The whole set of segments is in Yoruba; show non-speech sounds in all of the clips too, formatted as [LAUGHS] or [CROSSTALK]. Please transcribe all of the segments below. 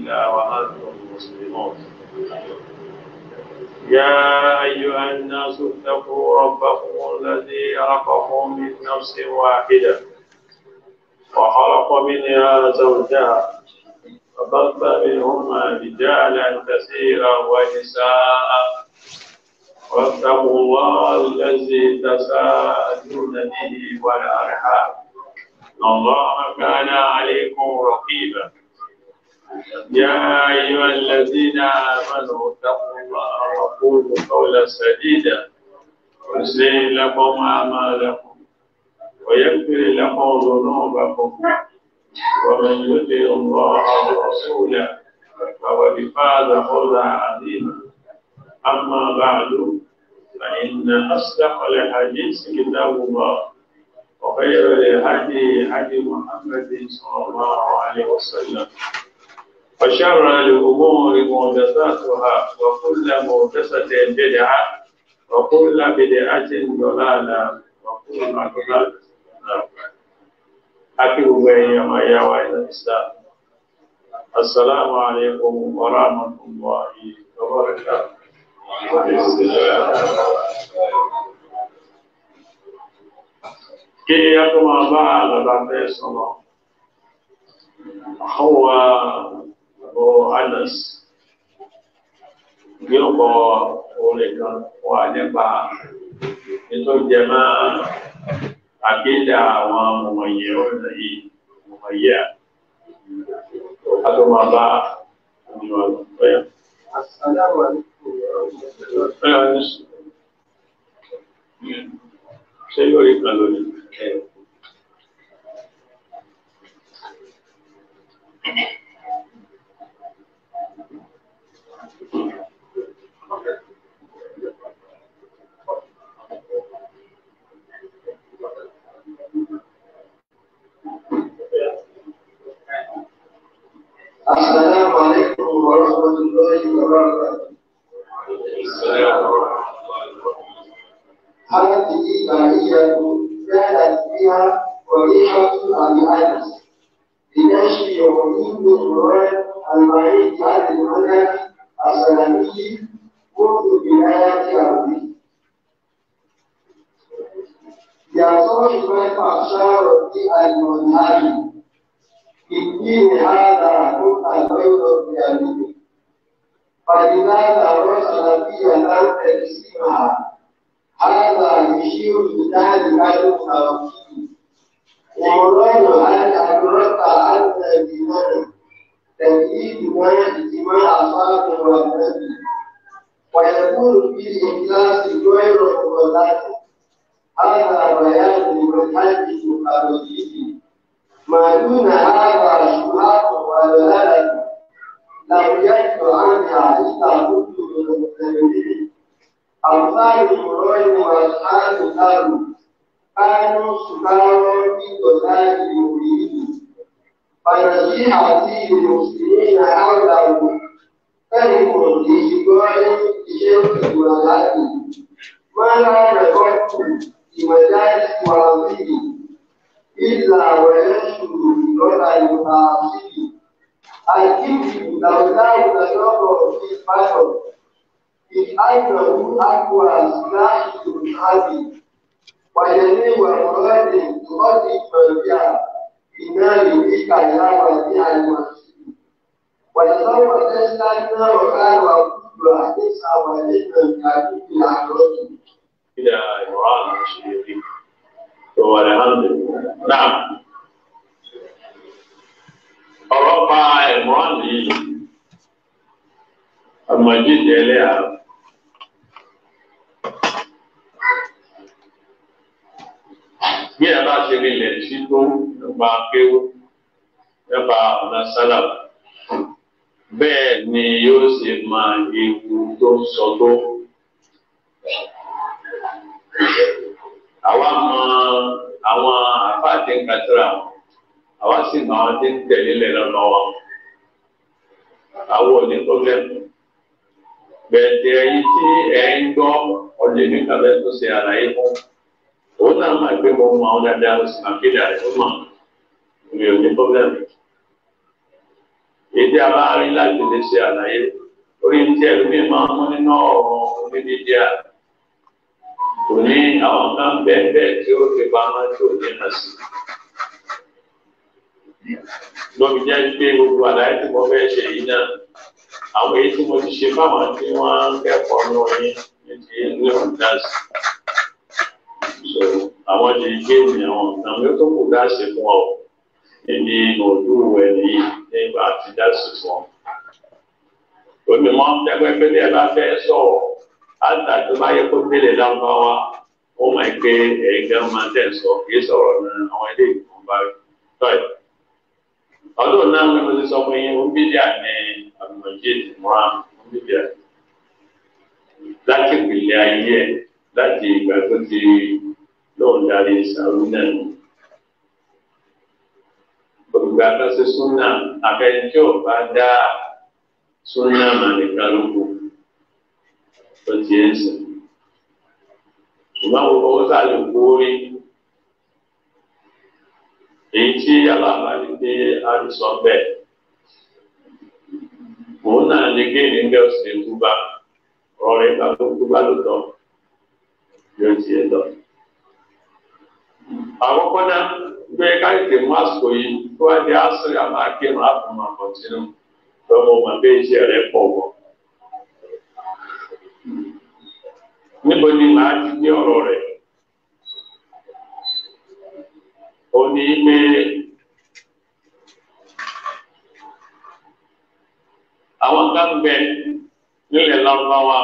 إلا وأنتم مسلمون يا أيها الناس اتقوا ربكم الذي خلقكم من نفس واحدة وخلق منها زوجها وبث منهما رجالا كثيرا ونساء واتقوا الله الذي تساءلون به والأرحام إن الله كان عليكم رقيبا يا أيها الذين آمنوا اتقوا الله وقولوا قولا سديدا يصلح لكم أعمالكم ويغفر لكم ذنوبكم ومن يطع الله ورسوله فقد فاز فوزا عظيما أما بعد فإن أصدق الحديث كتاب الله وخير الهدي هدي محمد صلى الله عليه وسلم وشر الأمور مهدساتها وكل مهدسة بدعة وكل بدعة ضلالة وكل ضلالة أكيد بين ما يوى الإسلام السلام عليكم ورحمة الله وبركاته كي يقوم بعض بعض الصلاة هو or others. Yóò kọ orin kan wà nípa ètò ìjẹmọ́ àkéjà àwọn mọ̀mọ̀yẹ ọ̀sẹ̀ yìí mọ̀mọ̀yẹ. A tó máa bá àwọn ọ̀sẹ̀. Ṣé yóò rí ele lónìí? Lord, ọmọ jíjẹ ẹlẹ́yà. bí ẹ bá ṣe rí ilẹ̀ sí tó nípa kéwú nípa ọ̀nà sálàmù bẹ́ẹ̀ ni yóò ṣe máa ewu tó ń sọ tó. àwa mọ àwọn àfáàdé kàtúrà àwa sì mọ àwọn ń tẹ̀lé lẹ́nu lọ́wọ́ àwọn ò ní pọ́blẹ́mù bẹ̀tẹ̀ ẹ̀yin tí ẹ̀ ń gbọ́ ọ̀lẹ́ mi kàbẹ́ tó ṣe àlàyé fún òun náà máa gbé wọn mọ àwọn dáadáa ó sì máa gbé dàrẹ́ fún mọ̀ mi ò ní pọ́blẹ́mù. èdè abáárí láti lè ṣe àlàyé orí tí ẹ̀rú mi máa mú nínú ọ̀rọ̀ onídìdí à kò ní àwọn kan bẹ́ẹ̀ bẹ́ẹ̀ tí ó fi pamọ́ tí ò ní hàn sí lọ́bi jẹ́ pé gbogbo àlàyé tí mo fẹ́ ṣe yìí náà àwọn èyí tí mo ti ṣe fáwọn tí wọ́n ń kẹ́kọ̀ọ́ ní orí ní ti ìlú ìdáàsì so àwọn ti gbé mi àwọn àwọn yóò tó kù dáàsì fún ọ níbi òdú ẹni nígbà tí dáàsì fún ọ. omi mọ tẹgbẹgbẹ ní ẹ bá fẹ́ sọ̀rọ̀ àtà tó bá yẹ kó gbélé lárúbáwá ó mọ pé ẹgbẹ máa tẹ sọ kì í sọ̀rọ̀ ní àwọn ilé ìgbọ̀nba tọ́yì. ọdún náà mi ò ti sọ fún ó bí díà ní àlùmọ̀jẹ́ ìmọ̀ràn ọmọdébíà láti ìpìlẹ̀ ayé ẹ̀ láti ìgbà tó ti lọ́ọ̀ darí sàrú náà nù. Ògbà kan sí súnà abẹ́jọ́ bá dá súnà mànìkà lóko tó ti ẹ̀ sìn. Ìgbà wo ọwọ́ tá a Èyí tí alábàárí pé a lè bẹ́ẹ̀. òun náà ní géènì ń bẹ́ òsì kúbá ọ̀rọ̀ ìgbà tó ló tọ́ yóò ti ẹ̀ lọ. àkọ́kọ́ náà gbé káyọ̀tì mú àsìkò yìí tó wá di àmà ọmọ bẹ́ẹ̀ ni màá ti gbé ọ̀rọ̀ rẹ̀? ó ní àwọn kan bẹ nílẹ̀ lárúbáwá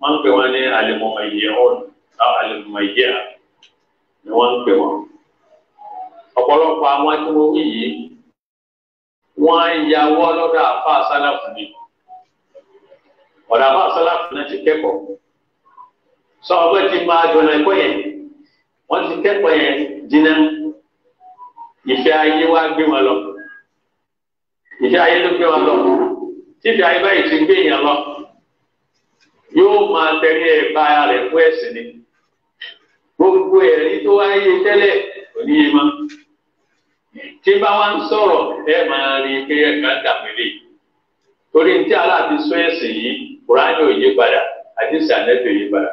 wọ́n ń pè wọ́n ní àlèmọ̀mọ̀ ìyẹ́ ọ̀nà àwọn àlèmọ̀mọ̀ ìyẹ́ à ni wọ́n ń pè wọ́n. ọ̀pọ̀lọpọ̀ àwọn tí wọ́n wí yìí wọ́n á yàwọ́ lọ́dọ̀ àfa àsálàfù ni ọ̀dà àfa àsálàfù náà ti kẹ́kọ̀ọ́ sọ ọgbẹ́ ti máa jọ̀nà ẹ̀kọ́ yẹn wọ́n ti kẹ́kọ̀ọ́ yẹn jiná ìfẹ́ ayé wá gbé wọn lọ ìfẹ́ ayé ló gbé wọn lọ. tíbi ayé báyìí ti gbé èèyàn lọ yóò máa tẹ̀lé a rẹ̀ fún ẹ̀sìn ni gbogbo ẹ̀rí tó wáyé tẹ́lẹ̀ kò ní yé mọ́ tí bá wá ń sọ̀rọ̀ ẹ máa rí pé ẹ̀ka dàmú lè torí ní tí aláàfin sọ ẹ̀sìn yìí kùránì ò yí padà àti sànẹ́tò yí padà.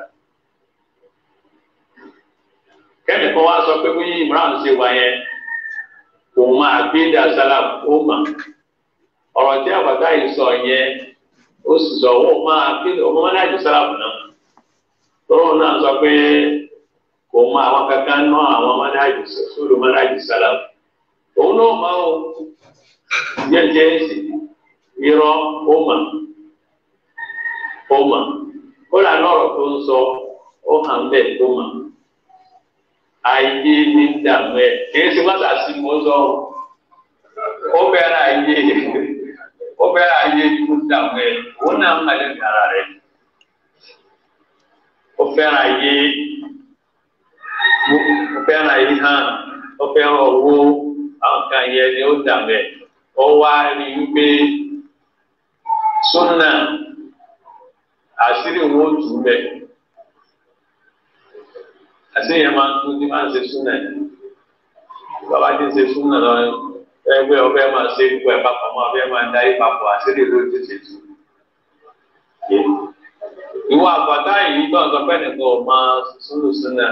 kẹ́nìkan wá sọ pé bí Imran ṣe òun máa gbé ó ọrọ tí àbàtà yìí sọ yẹn o sì sọ owó máa kí ọmọ wọn láti sàlàbù náà tọ́wọ́ náà sọ pé kò mọ àwọn kankan ná àwọn mọ́nájì sọ́dọ̀ mọ́nájì sàlàbù òun náà máa ó jẹ́jẹ́ sí irọ́ ó mà ó mà ó là tó ń sọ ó hàn tó mà ayé ní fẹ́ ayé ikú dàgbù ẹ̀ òun náà ń kàlẹ́ rẹ̀ ó fẹ́ràn ayé ó a ayé hàn ó ni ó dàgbù ẹ̀ wá rí i pé súnà àṣírí wọn ò tù àṣírí tún ẹgbẹ́ ọbẹ̀ máa ṣe gbogbo ẹ̀ papọ̀ mọ́ ọbẹ̀ máa darí papọ̀ àṣírí ló ti ṣe tu. ìwọ àgbàdá yìí náà sọ pé nìkan ò máa sùúrù súnà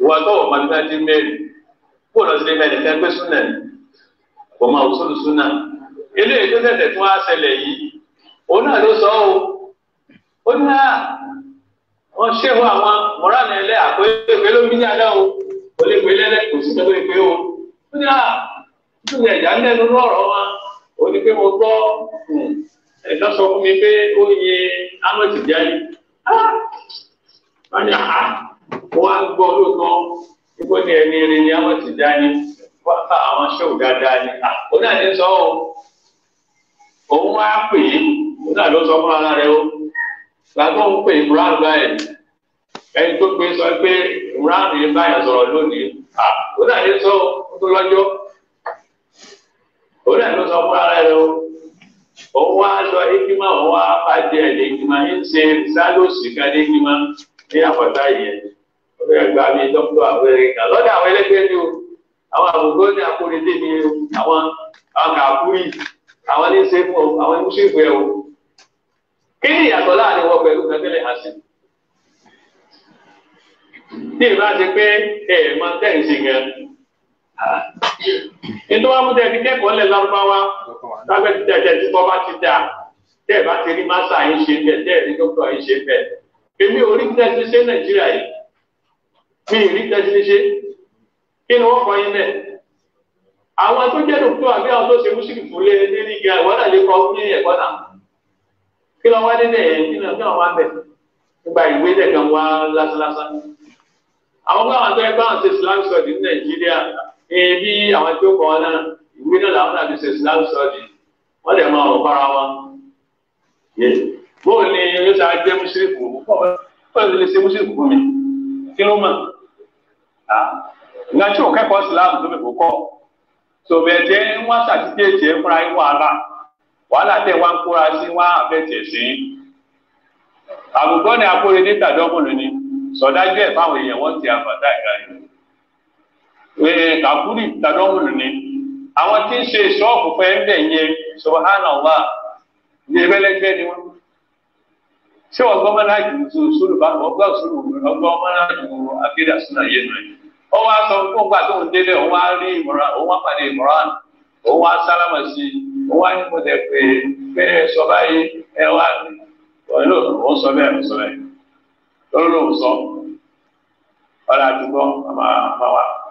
ìwọ tó ò máa dájú mẹ́rin kó lọ sí ilé ẹnìkan pé súnà kò máa sùúrù súnà ilé ètò tẹ̀tẹ̀ tún á ṣẹlẹ̀ yìí òun náà ló sọ ọ́ ó ní ah, wọ́n ṣéwọ́ àwọn mọ̀rán ẹlẹ́ àpò ìpè lómi ní adá o kò lè pè lẹ́lẹ́ kò sí tó pé pé o ó ah, títí ẹ̀dá lẹ́nu lọ́rọ̀ wọn ó ní pé mo gbọ́ hmm, ẹ̀dá sọ fún mi pé ó yẹ amọ̀tì jáde ah! wọ́n ní àhá wọ́n á gbọ́ lóòótọ́ nígbó ní ẹni rin ní amọ̀tì jáde wọ́n ká àwọn ṣẹ́wù dáadáa ni ah! ó náà ní sọ ọ́ òun wá pè é ó náà ló sọ fún ara rẹ ó làgbọ́n ń pè é múra gba ẹ̀ ẹni tó gbé sọ pé múra rèé báyà sọ̀rọ̀ lónìí ah! ó náà ní sọ ọ́ tó lọ́jọ́ ó dẹ̀ ló sọ fún ara rẹ o òun wá lọ ekima òun wá bàjẹ́ ẹ̀dẹ̀ ekima ń ṣe sálòsì kan ní ekima ní àpọ̀tá yẹn ó fẹ́ gba mi dókítà àwẹ̀rẹ̀ kan lọ́dọ̀ àwọn ẹlẹ́gbẹ́ ni o àwọn àbùkù ní akóredé ni o àwọn kàkúrì àwọn ní ṣe fún ọ àwọn ní ṣe ẹ o kí ni ìyàtọ̀ láàrin wọn pẹ̀lú kẹtẹ́lẹ̀ àti tí ìbá ti pé ẹ̀ẹ̀mọ tẹ̀sí gan nítorí wọn mú tẹ̀sí kẹ́kọ̀ọ́ lẹ̀ lárúbáwá lágbẹ́ ti tẹ̀sẹ̀ tí wọ́n bá ti dà tẹ́ ẹ̀ bá ti rí máṣá yín ṣe bẹ́ẹ̀ tẹ́ ẹ̀ rí dókítà yín ṣe bẹ́ẹ̀ èmi ò rí tẹ̀sí ṣe nàìjíríà yìí mi ì rí tẹ̀sí ṣe kí ni wọ́n kọ́ yín bẹ́ẹ̀ àwọn tó jẹ́ dókítà àbí àwọn tó ṣe mùsùlùmí fún lé ní ní ìwọ́n náà lè kọ́ ní ẹ̀kọ́ náà kí lọ́ wá dédé ẹ̀ kí lọ́ wá bẹ̀ nígbà ìwé ebi àwọn tó kọ́ náà ìwé náà làwọn náà ti ṣe islam sọ́ọ̀dì wọ́n lè máa rọ̀ para wọn. bóòlù ni yóò ṣe ajé mùsùlùmí kò pọ̀ bẹ́ẹ̀ lè ṣe mùsùlùmí kò mi kí ló mọ̀ ìgbà tí òun kẹ́kọ̀ọ́ islam tó mi kò kọ́ sọ̀bẹ̀tẹ̀ ń wá sàtìkéèjì ẹ̀ fúnra yín wàhálà wàhálà tẹ̀ wá ń kóra sí wá àfẹ́tẹ̀ sí. àbùgbọ́n ni akóre nígbàdọ́gbọ̀n lónìí sọ̀dájú ẹ̀ fáwọn èèyàn wọ́n ti àbàdà ìgbà yìí. kàkúrì tàdọ́mùlù ni àwọn tí ni wọ́n. ṣé wọ́n gbọ́n mọ́nà jù ú sólù bá wọ́n gbọ́ sólù ọgbọ́n mọ́nà jù ú àfihàn súnà yẹn nù. ó wá sọ fún tó ń délé rí ìmọ̀ràn ìmọ̀ràn sálámà sí ní pé pé sọ báyìí ẹ wá sọ bẹ́ẹ̀ sọ bẹ́ẹ̀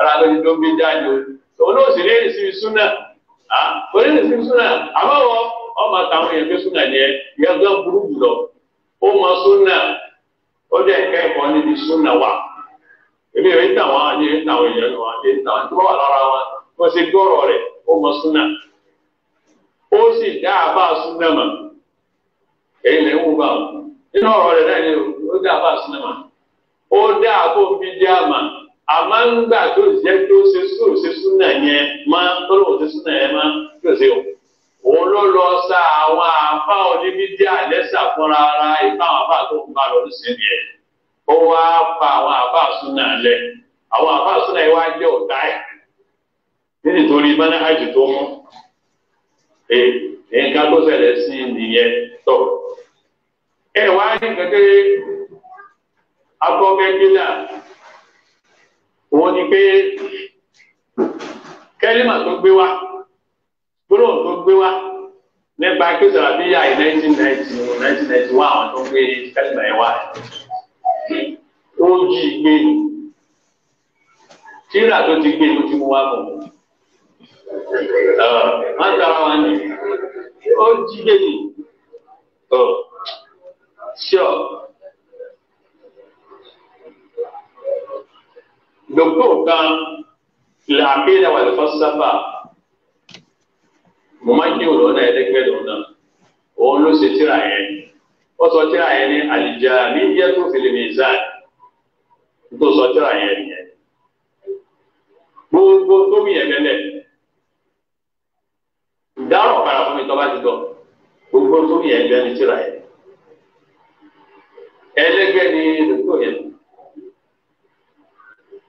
ara lójú tó gbé jáde si náà sì léèrè sí súnà kò si sí súnà ma ọmọ àtàwọn èèyàn gbé súnà yẹn ìyá gbọ́n burú jùlọ ó mọ súnà ó o kẹ́kọ̀ọ́ níbi wa èmi rẹ̀ ń tà wọ́n àti ń tà wọ́n èèyàn wọn wọn èyí lè ń wù bá wọn náà ma. àmọ́ ń gbà tó jẹ́ kí ó ṣe sùn ṣe sùn náà yẹn máa tó lóun ṣe sùn náà yẹn máa kí ó ṣe o. òun ló lọ sa àwọn àfa oníbídí àlẹ́sà fúnra ara ìfá àwọn àfa tó ń bá lọ ní sẹ́ni ẹ̀. ó wá pa àwọn àfa sùn náà lẹ̀ àwọn àfa sùn náà wá jẹ́ ọ̀tá ẹ̀ nítorí mọ́náhàjì tó mú. nǹkan tó ṣẹlẹ̀ sí nìyẹn tọ̀. ẹ wá ní kékeré akọ́kẹ́ gbé náà òun ni pé kẹ́límà tó gbé wá gbólóhùn tó gbé wá nípa kí sàràbíyà yìí nineteen ninety or nineteen ninety one àwọn tó gbé kẹ́límà yẹn wá ó jí gbé ni tíra tó ti gbé ló ti mú wá bọ̀ má tara wa ni ó jí gbé ni sure. dókítà kan làákéèdà wà lè fọ́sáfà mo máa ń jẹ́ òlọ́dà ẹ̀ẹ́dẹ́gbẹ̀rún náà òun ló ṣe tíra yẹn ó sọ tíra yẹn ní àlìjá ní jẹ́ tó fi lè mìíràn tó sọ tíra yẹn nìyẹn gbogbo tó mi yẹn lẹ́lẹ̀ dárò para fún mi tó bá ti dọ̀ gbogbo tó mi yẹn lẹ́ni tíra yẹn ẹlẹ́gbẹ́ ni dókítà yẹn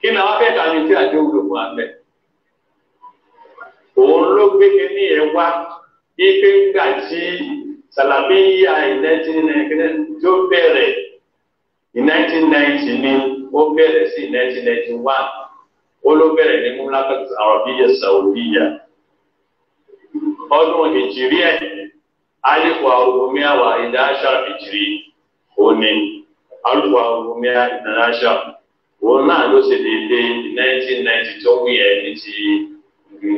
kí ni àwọn afẹ́ta ni tí àjọ wúlò fún abẹ. òun ló gbé kínní ẹ wá ife ńgbà tí sàlàmì yíya nineteen ninety tí ó bẹ̀rẹ̀ ní nineteen ninety ni ó bẹ̀rẹ̀ sí nineteen ninety one ó ló bẹ̀rẹ̀ ní múlákàtà àròbíyà sàwòbíyà ọdún ìjìrí ẹ̀ alifu ahurumia wa idasha ìjìrí òní alifu ahurumia ìdánásà. òun náà ló ṣe déédé nineteen ninety two ní ti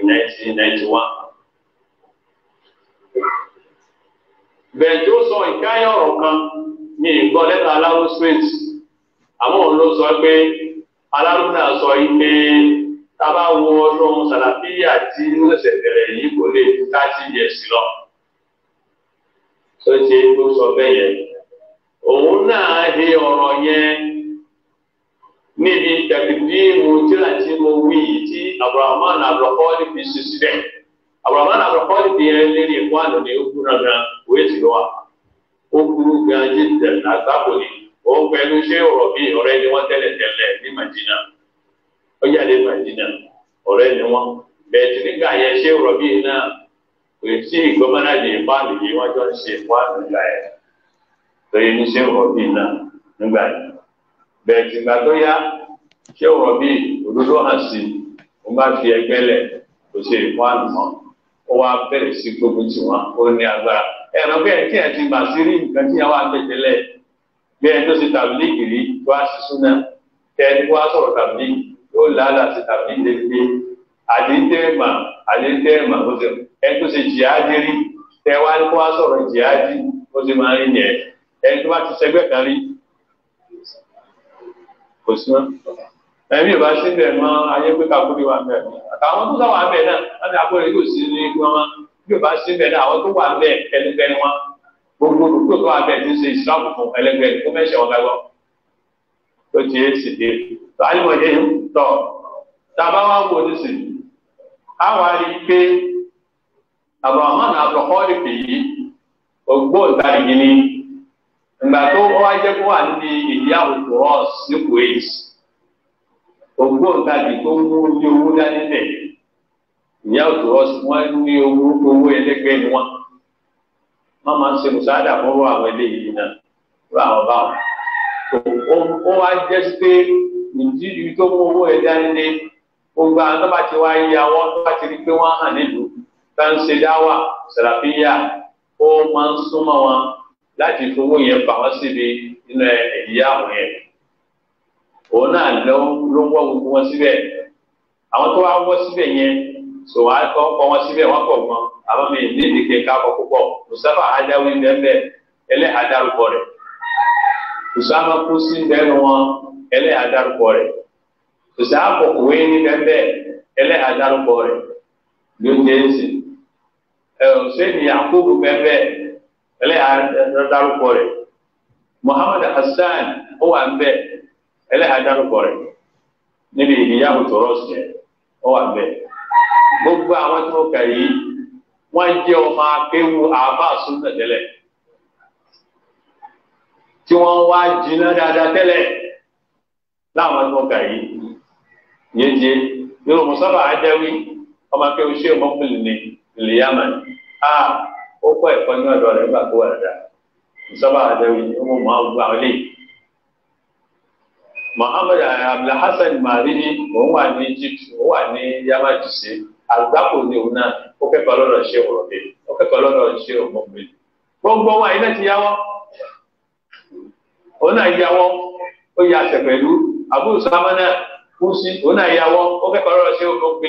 nineteen ninety one. sọ ìkáyọ̀ ọ̀rọ̀ kan ní ìgbọ́ lẹ́tà aláró straight àmọ́ ló sọ pé aláwọ̀ náà sọ pé tábà wo ọdún sàlàfíà àti ó ṣẹ̀ṣẹ̀ yìí kò lè ju thirty years lọ. tó sọ bẹ́ẹ̀ níbi tẹ̀kídìmù tíra tí mo wí yìí tí abrahaman abrakọ́lì fi ṣe síbẹ̀ abrahaman abrakọ́lì fi yẹn lérí ẹ̀kọ́ àná ní ó kúrò gan òwe tì lọ́wọ́ ó kúrò gan jíjẹ àgbákò ni ó ṣé ọ̀rọ̀ bíi ọ̀rẹ́ ni wọ́n tẹ́lẹ̀ tẹ́lẹ̀ ní madina ó yàrá madina ọ̀rẹ́ ni wọ́n bẹ́ẹ̀ ṣé ọ̀rọ̀ bíi náà kò bẹ́ẹ̀ ìgbà tó yá ṣé òrò bí òdodo hàn sí ó bá fi ẹgbẹ́ lẹ̀ kò ṣe ìfọ́ àlùmọ́ ó wá bẹ̀rẹ̀ sí gbogbo tiwọn ó ní agbára ẹ̀rọ bẹ́ẹ̀ tí ẹ̀ ti gbà sí rí nǹkan tí àwọn àgbẹ̀jẹ̀ lẹ̀ bí ẹ tó ṣe tàbílíìkì rí tó a ṣe súná tẹ ẹni wá sọ̀rọ̀ tàbílíìkì ó làálàá ṣe tàbílíìkì lé àdéńtẹ́ẹ̀mà àdéńtẹ́ẹ̀mà ó ṣe ẹ tó ṣe jìádìí tẹ wá ní wá sọ̀rọ̀ jìádìí ó ṣe máa ń rí ẹ tó bá ti ṣẹgbẹ́ kan kò sí wọn. ẹ̀mí ìbá síbẹ̀ mọ ayé pé kakúrì wà bẹ̀ àtàwọn tó sáwà bẹ̀ náà láti agbórí yóò sí ní ikú wọn bí ìbá síbẹ̀ náà àwọn tó wà bẹ̀ ẹlẹgbẹ́ni wọn gbogbo olùkó tó wà bẹ̀ ti ṣe ìsìlámù fún ẹlẹgbẹ́ni tó mẹ́sẹ̀ wọn gbàgbọ́ tó ti é sì dé àyùmọ̀dé ń tọ̀ tàbá wà wò ní sí àwọn àrí pé àbọ̀ àmọ́ nà ìgbà tó wá jẹ́ kó wà ní ìdí àwòkù ross nípò èyí ògbóǹkàdì tó ń mú ní owó dání tẹ̀ ìyá òkú ross wọ́n ní owó owó ẹlẹ́gbẹ́ ni wọ́n wọ́n ń ṣe mùsáàdà fọ́rọ̀ àwọn eléyìí náà fún àwọn báwọn ó wá jẹ́ pé ìdí ibi tó mú owó ẹ̀ dání tó bá ti wá tó bá ti rí pé láti fowó yẹn fà wọ́n síbi nínú ẹ̀yà àwọn yẹn òun náà ló ló ń wọ́ gbogbo wọn síbẹ̀ àwọn tó wá wọ́ síbẹ̀ yẹn sọ wá kọ́ kọ́ wọn síbẹ̀ wọ́n àwọn mi ní ìdíkẹ́ káàkọ́ púpọ̀ bẹ́ẹ̀ ẹlẹ́ rẹ̀ kú sí wọn ẹlẹ́ rẹ̀ ní bẹ́ẹ̀ ẹlẹ́ rẹ̀ ẹlẹ́yà dárúkọ rẹ̀ Muhammad Hassan o wa nbe, bẹ ẹlẹ́yà dárúkọ níbi ìyáwó tọrọ sí ẹ ó wà gbogbo àwọn tí yìí wọ́n jẹ́ ọmọ akéwu àbá súnmọ̀ tẹ́lẹ̀ tí jìnnà dáadáa tẹ́lẹ̀ láwọn yìí yé a. ó kọ́ ẹ̀kọ́ ní ọ̀dọ̀ rẹ̀ nígbà tó wà dáadáa ìsọ́bà àdéhùn Muhammad òun wà ní Egypt òun wà ní Yamajise àgbákò ní òun náà ó ṣe ó ṣe gbogbo wa ti yáwọ́ òun náà yáwọ́ ó yà pẹ̀lú àbúrò kùsì òun náà yáwọ́ ó kẹ́kọ̀ọ́ lọ́dọ̀ ṣe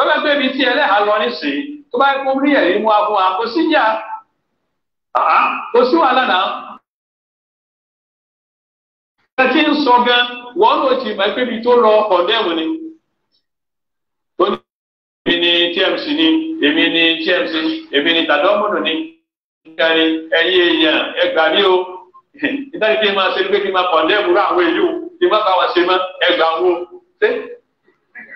tó bá gbé ibi tí ẹlẹ́hà lọ nísìnyí tó bá kó rí ẹ̀rí mú abú wa kò wàhálà ń sọ gan wọn ló ti mọ pé ibi tó lọ ọ̀dẹ́mù ni èmi ni tmc ni èmi ni tmc èmi ni ni èèyàn o ìdájọ́ kí n máa ṣe pé kí n máa àwọn o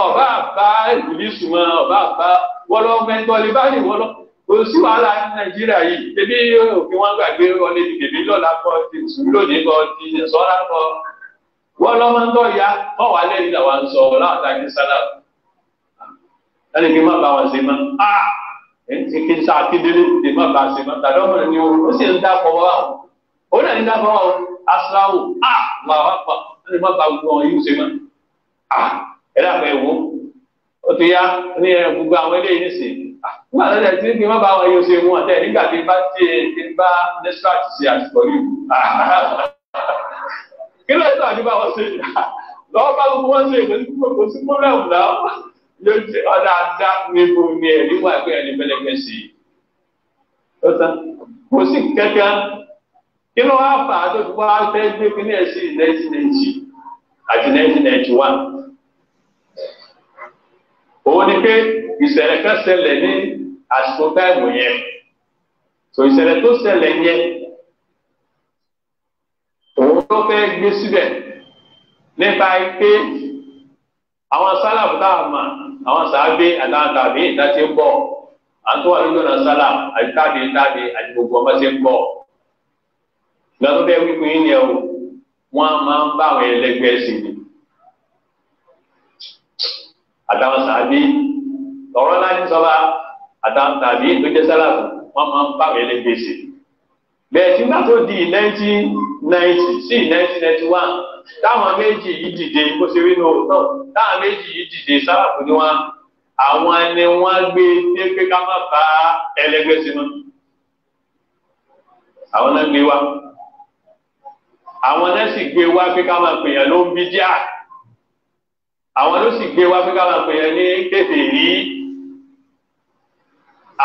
ọba àbá ìbùlísù mọ ọba àbá wọlọmẹtọlẹ báyìí wọlọ kò sí wàhálà ní nàìjíríà yìí ebi òfin wọn gbàgbé ọlẹ ìdèbí lọlá kọ ti sùn lónìí kọ ti sọlá kọ wọlọmọtọ ya kọ wà lẹ́yìn náà wà ń sọ láàtà ní sálà ẹni kí n má ba wọn ṣe mọ a ẹni kí n sá akíndélé kí n má ba ṣe mọ tàbí ọmọ rẹ ni o ó sì ń dákọ wá o ó náà ń dákọ wá o aṣáwò a wà wá pa ẹni má ba gbọ yìí ṣe mọ a ẹ dàpọ̀ ẹ̀wò ó ti yá ní ẹ gbogbo àwọn eléyìí nìsín ah, nígbà tó tẹ̀sí kí n má bá wọn yóò ṣe mú ọ tẹ̀ nígbà tí bá ti ti bá nextract ṣe àtìkọ́ yìí [LAUGHS] kí ló ń tọ́ àdúgbò àwọn ṣe lọ́wọ́ bá gbogbo wọn ṣe ìwé sí gbogbo sí pọ́lẹ́mù náà yóò jẹ ọ̀dà àdá níbo ni ẹ̀ níwọ̀ ẹ̀kọ́ ẹ̀ ní pẹ́lẹ́pẹ́ sí i. kò sí kẹ́kẹ́ kí ló wá fà á tó fi wá fẹ́ gbé kí ní ẹ̀ sí nineteen òun ni pé ìṣẹ̀lẹ̀ kan ṣẹlẹ̀ ní àsìkò táìmù yẹn tó ìṣẹ̀lẹ̀ tó ṣẹlẹ̀ yẹn òun ló fẹ́ gbé síbẹ̀ nípa pé àwọn sálàbù tá a mà àwọn sàábé àtàwọn tàbí ìta ti ń bọ̀ àtúwà lójú ọ̀nà sálàbù àti tábì tábì àti gbogbo ọmọ ti ń bọ̀ lọ́dún bẹ́ẹ̀ wípé yín yẹn o wọ́n máa ń bá àwọn ẹlẹgbẹ́ sí ni àtàwọn sàábí ọ̀rọ̀ láti sọ́ba àtàwọn tàbí tó jẹ́ sálàfù wọ́n máa ń bá wẹ̀lẹ̀ gbèsè. bẹ́ẹ̀ tí nígbà di nineteen ninety sí nineteen ninety one táwọn méjì yìí dìde kó ṣe wínú náà táwọn méjì yìí dìde sálàfù ni wọ́n àwọn ẹni wọ́n gbé pé ká má bá ẹlẹgbẹ́ sínú. àwọn náà gbé wa àwọn náà sì gbé wa pé ká má pèèyàn ló ń bí díà àwọn ló sì gbé wá pé káwọn pè é ní kèfèrí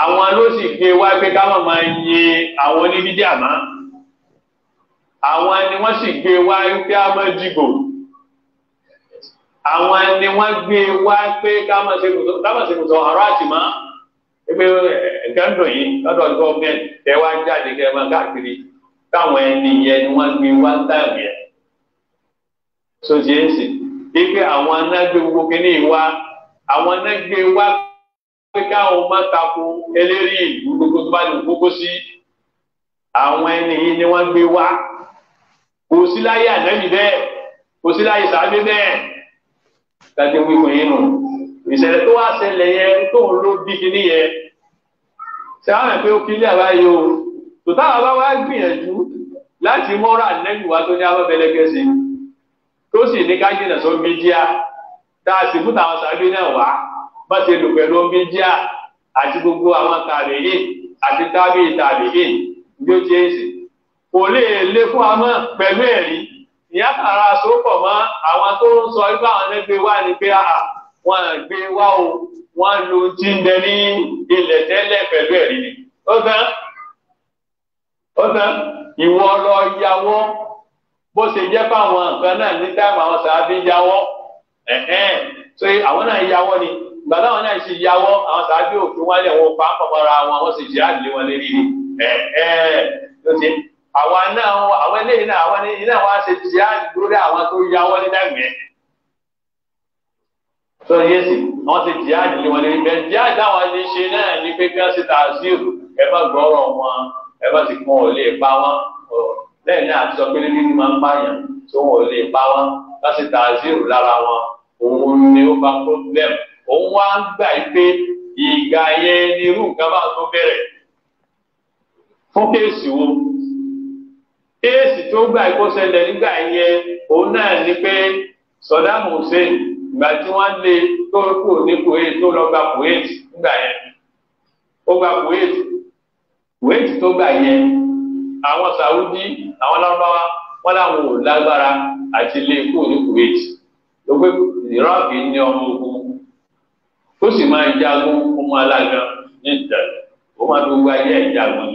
àwọn ló sì gbé wá pé káwọn máa yin àwọn oníbídí àmọ́ àwọn ni wọ́n sì gbé wá pé a máa dìbò àwọn ni wọ́n gbé wá pé káwọn ṣe kùtọ ọ̀rọ̀ àtìmọ́ pé gẹ́ńdọ̀ yìí lọ́dọ̀ gọ́ọ̀mẹ́ntì tẹ́ wá jáde kẹ́ máa káàkiri táwọn ẹni yẹn ni wọ́n gbé wá táàmì ẹ̀ sọ́sì ẹ̀ ń pé àwọn anágbé gbogbo kínní wa àwọn anágbé wa pé káwọn má tako eléré ìlú gbogbo tó bá lè gbogbo sí àwọn ẹni yìí ni wọ́n gbé wá kò sí láyé ànábì bẹ́ẹ̀ kò sí láyé sàábé bẹ́ẹ̀ tàbí wíwọ̀n nù ìṣẹ̀lẹ̀ tó wá ṣẹlẹ̀ yẹn tó ń lo bí yẹn àbáyé o tòtáwà bá gbìyànjú láti mọ́ra ànábì tó tó sì ní ká jìnà só bí tá a sì sàbí náà wá bá ti pẹ̀lú gbogbo àwọn tàbí yìí àti tábí tàbí yìí bí ó ti ń kò lè lé fún wa pẹ̀lú ẹ̀rí ìyá kàrà mọ́ àwọn tó ń sọ ipá àwọn ẹgbẹ́ wa ni pé àà wọn gbé o wọn lo ti ń bẹ ní ilẹ̀ tẹ́lẹ̀ pẹ̀lú ẹ̀rí ni ó tán ó tán bó ṣe jẹ́ fáwọn nǹkan náà ní táìmù àwọn sàábí yáwọ́ so àwọn náà yáwọ́ ni náà ṣe yáwọ́ àwọn sàábí wọn pa àpapọ̀ra wọn sì àdìlé wọn ni àwọn náà àwọn eléyìí náà àwọn eléyìí náà wọ́n á ṣe àdìgbò lórí àwọn tó yáwọ́ ní wọn ti jihad lé wọn lórí bẹ́ẹ̀ jihad táwọn ẹni ṣe náà ní pé kí wọn ṣe bẹ́ẹ̀ ni àti sọ pé níbi ní máa ń pààyàn tó wọ́n lè pa wá láti ta zero lára wọn òun ni ó bá problem òun wá ń gbà pé ìgbà yẹn ni irú nǹkan bá tó bẹ̀rẹ̀ fún kéèsì wo kéèsì tó gbà kó ṣẹlẹ̀ nígbà yẹn òun náà ni pé Saddam Hussein ìgbà tí wọ́n lé tó kù ní Kuwait tó lọ gba Kuwait nígbà yẹn ó gba Kuwait Kuwait tó gbà yẹn àwọn Saudi àwọn lárúbáwá wọn làwọn ò lágbára àti ilé ikú e ní Kuwait ló pé Iraq ní ọmọ ogun ó sì máa jagun ọmọ alága ní ìjà ó máa tó gba ayé ìjagun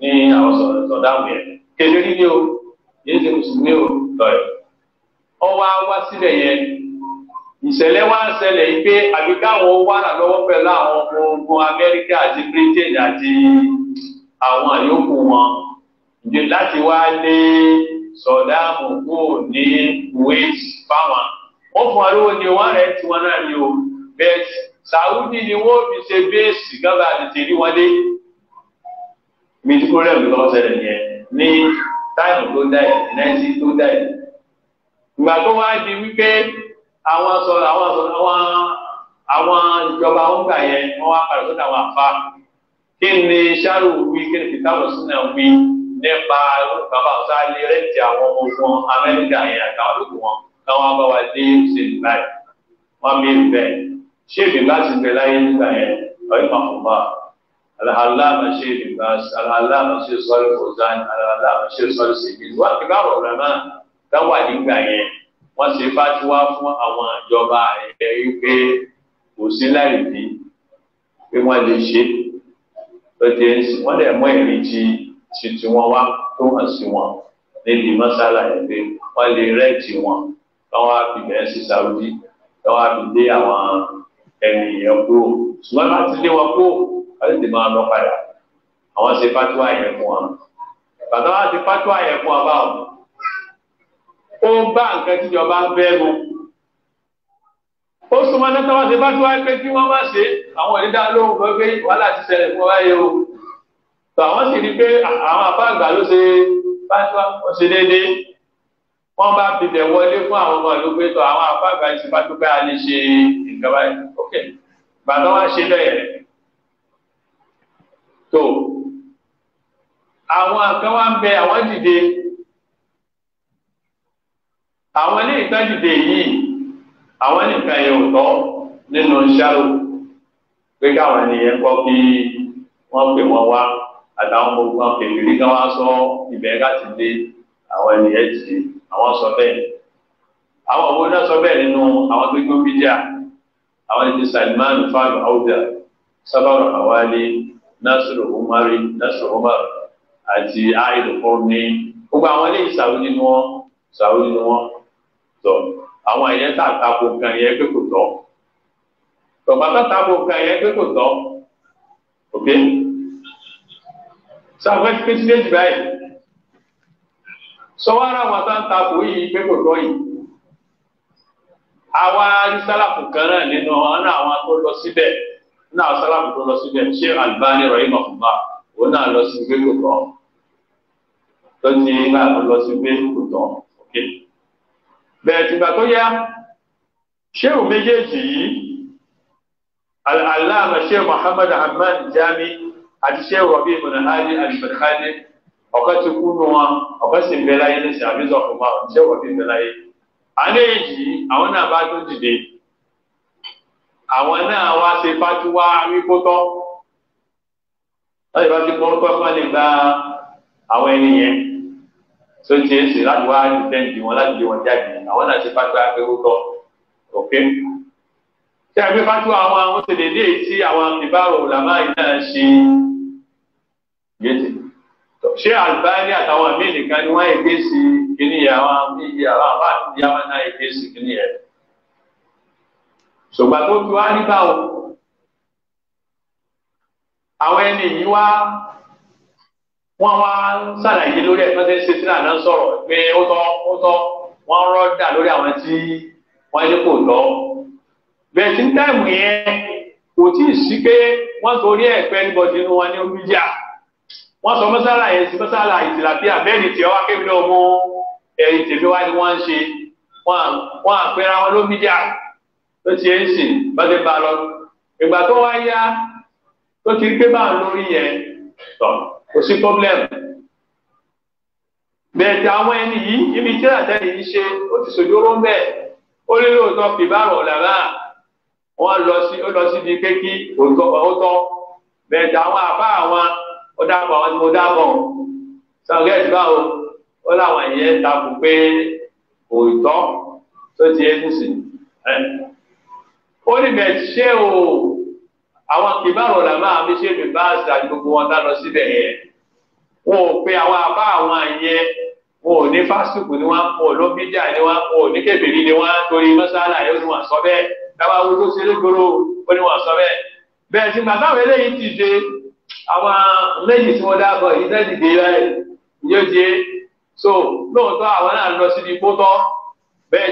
ní àwọn sọdáàmù yẹn kékeré ní o yéé ṣe mùsùlùmí o lọ́yọ̀ ọwọ́ wá sílẹ̀ yẹn ìṣẹ̀lẹ̀ wá ń ṣẹlẹ̀ yìí pé àbí wà lọ́wọ́ pẹ̀lú àwọn ogun Amẹ́ríkà àti Britain àti àwọn àyókù wọn ju láti wá lé sọ̀dáàmù kúrò ní kuwait fáwọn wọ́n fún wa lówó ni wọ́n rẹ̀ tí wọ́n náà ní o bẹ́ẹ̀ sàwùdí ni wọ́n fi ṣe bẹ́ẹ̀sì gábà àti rí wọlé mi tí pọ́lẹ́mù lọ́wọ́ ṣẹlẹ̀ yẹn ní táìmù tó dá ẹ̀ náìjí tó dá ẹ̀ ìgbà tó wá di wípé àwọn sọ̀rọ̀ àwọn sọ̀rọ̀ àwọn àwọn ìjọba ń gbà yẹn wọ́n wá padà sọ́dọ̀ àwọn àfa kí ni sáàrù wí kí ni fìtàlọ́sùn náà wí nípa kaba ọ̀sá lè rẹ́ǹtì àwọn ọmọ ogun amẹ́ríkà yẹn àtàwọn olóko wọn káwọn bá wa dé ṣe báyìí wọn mi bẹ ṣé ìbílá ti bẹ láyé nígbà yẹn ọ̀rẹ́ máa fò bá alahalama ṣe ìbílá alahalama ṣe sọ́ọ́lù fòzán alahalama ṣe sọ́ọ́lù ṣèkìlì wọn ti bá rọ̀rọ̀ náà káwà nígbà yẹn wọn ṣe bá ti wá fún àwọn ìjọba ẹ̀ rí pé kò sí láì bí pé wọ́n lè ṣe lọ́tẹ̀ẹ́sì wọ́n lè mọ ìrìn tí títí wọn wá tó hàn sí wọn níbi mọ́sálà yẹn pé wọ́n lè rẹ́ẹ̀tì wọn káwọn àfi bẹ̀rẹ̀ sí Saudi káwọn àfi dé àwọn ènìyàn kúrò ṣùgbọ́n láti lé wọn kúrò wọ́n lè máa lọ padà àwọn ṣe fatuwa yẹn fún wọn bàtà wọn ti fatuwa yẹn fún wọn báwọn ó ń bá nǹkan tíjọba bẹ́ẹ̀ mu ó súnmọ́ náà táwọn ṣe fatuwa pé kí wọ́n má ṣe àwọn ìdá lóhùn pé wàhálà ti ṣẹlẹ̀ fún wáyé o àwọn sì rí i pé àwọn àbáàgbà ló ṣe fásiwá ó ṣe déédéé wọ́n bá bìbẹ̀ wọlé fún àwọn ọmọ ìlú pé tọ àwọn àbáàgbà ti bá tó bá a lè ṣe nǹkan báyìí ok gbàdán wá ṣe bẹ́ẹ̀ tó àwọn kan wá ń bẹ àwọn dìde àwọn ilé ìtàdìde yìí àwọn nìkan yẹn ò tọ́ nínú ṣáàrò pé káwọn ènìyàn kọ́ kí wọ́n pè wọ́n wá àtàwọn gbogbo àwọn kékeré kan wá sọ ibẹ̀ láti dé àwọn ènìyàn jì àwọn sọ bẹ́ẹ̀ àwọn òwò náà sọ bẹ́ẹ̀ nínú àwọn tó gbé àwọn ènìyàn Salman fáwọn àwùjá sábàrò àwálé Nasiru Umari Nasiru Umar àti aidu fúnni gbogbo àwọn eléyìí sàwọn nínú wọn sàwọn nínú wọn tọ àwọn èèyàn tá a tako kan yẹn pé kò tọ́ tọgbà tá a tako kan yẹn pé kò tọ́ òkè sàwọn ẹgbẹ́ ti déjì báyìí sọ wàrà wọn tá ń ta kò yìí pé kò lọ yìí àwa sálàkù kan náà nínú ọ̀nà àwọn tó lọ síbẹ̀ ní àwọn sálàkù tó lọ síbẹ̀ ṣé Albani rọ̀yìn mọ̀fúnmá òun náà lọ sí pé kò tọ̀ tó ti nígbà tó lọ sí pé kò tọ̀ òkè bẹ́ẹ̀ tìgbà tó yá ṣéwù méjèèjì yìí aláàmà ṣéwù Muhammad Ahmad Jami àti ṣé rọ̀bí ìmọ̀nà hali àlùfẹ̀kálẹ̀ ọ̀kọ́ ti kú nù wọn ọ̀kọ́ sì ń bẹ láyé ní sàbíṣọ̀ fún wa ṣé rọ̀bí ń bẹ láyé. àlẹ́ èjì àwọn náà bá tó dìde àwọn náà wá ṣe fájú wá rí kótọ́ lọ́yìn bá ti kọ́ kọ́ fún ẹni gba àwọn ẹni yẹn tó ti ń sè láti wá dìtẹ́ǹdì wọn láti lé wọn jáde àwọn náà ṣe fájú wá rí kótọ́ òkè. Okay tẹ̀gbẹ́ fatu àwọn àwọn tẹ̀lé dé tí àwọn ìbára òlàmá yìí náà ṣe gẹ̀ẹ́tì ṣé àlùbáyé àtàwọn míì nìkan ni wọ́n èké sí kíní yẹn àwọn míì àwọn àbá àti yàrá náà èké sí kíní yẹn ṣùgbọ́n tó tu wá nígbà wo àwọn ẹni yìí wá wọ́n wá ṣàlàyé lórí ẹ̀fọn tẹ́ ṣe sílẹ̀ àná sọ̀rọ̀ pé ó tọ́ ó tọ́ wọ́n rọ́ dà lórí àwọn tí wọ́n yẹ kó lọ́ọ́ bẹ́ẹ̀ sí táìmù yẹn kò tí ì sí pé wọ́n torí ẹ̀ pẹ́ níbọ̀dì inú wa ní omi jà wọ́n sọ mọ́sálà yẹn sí mọ́sálà ìtìlápíà bẹ́ẹ̀ ni tiẹ̀ kébìlẹ̀ ọmọ ẹ̀yìn tèmi wá ni wọ́n ń ṣe wọ́n àpẹẹrẹ àwọn lómi jà tó ti ń sìn bọ́dẹ̀ bá lọ ìgbà tó wá yá tó ti gbé bá lórí yẹn tọ̀ kò sí pọ́blẹ́mù bẹ̀ẹ̀tẹ̀ àwọn ẹni yìí ibi tí àtẹ̀yìn ṣe ó ti sòjóró ń bẹ̀ ó lé lóòótọ́ fìbárò làbáà wọ́n lọ sí ó lọ síbi pé kí òótọ́ bẹ̀ẹ̀ tà àwọn àbá àwọn ó dàpọ̀ àwọn tí mo dàpọ̀ sọ̀gẹ́tì báwo ó láwọn ìyẹn takò pé òótọ́ tó ti ébùsì ó ní bẹ̀ ṣé o àwọn kìbáàrọ̀ là máa fi ṣe bíbá àṣà gbogbo wọn dáná síbẹ̀ yẹn wọn ò pe àwọn àbá àwọn yẹn wọn ò ní fásitì ni wọn ò lóbi jà ni wọn ò ní kébìrì ni wọn torí mọ́sálà yóò ní wọn sọ bẹ́ẹ̀ ẹwà wo tó ṣe lẹ́gbọ̀rọ̀ ó ní wọ́n sọ bẹ́ẹ̀ bẹ́ẹ̀ sì gbàgbọ́ àwọn eléyìí ti ṣe àwọn méjì tí wọ́n dábọ̀ yìí náà dìde rẹ̀ yóò ṣe so lóòótọ́ àwọn náà lọ sí ibi kótọ́ bẹ́ẹ̀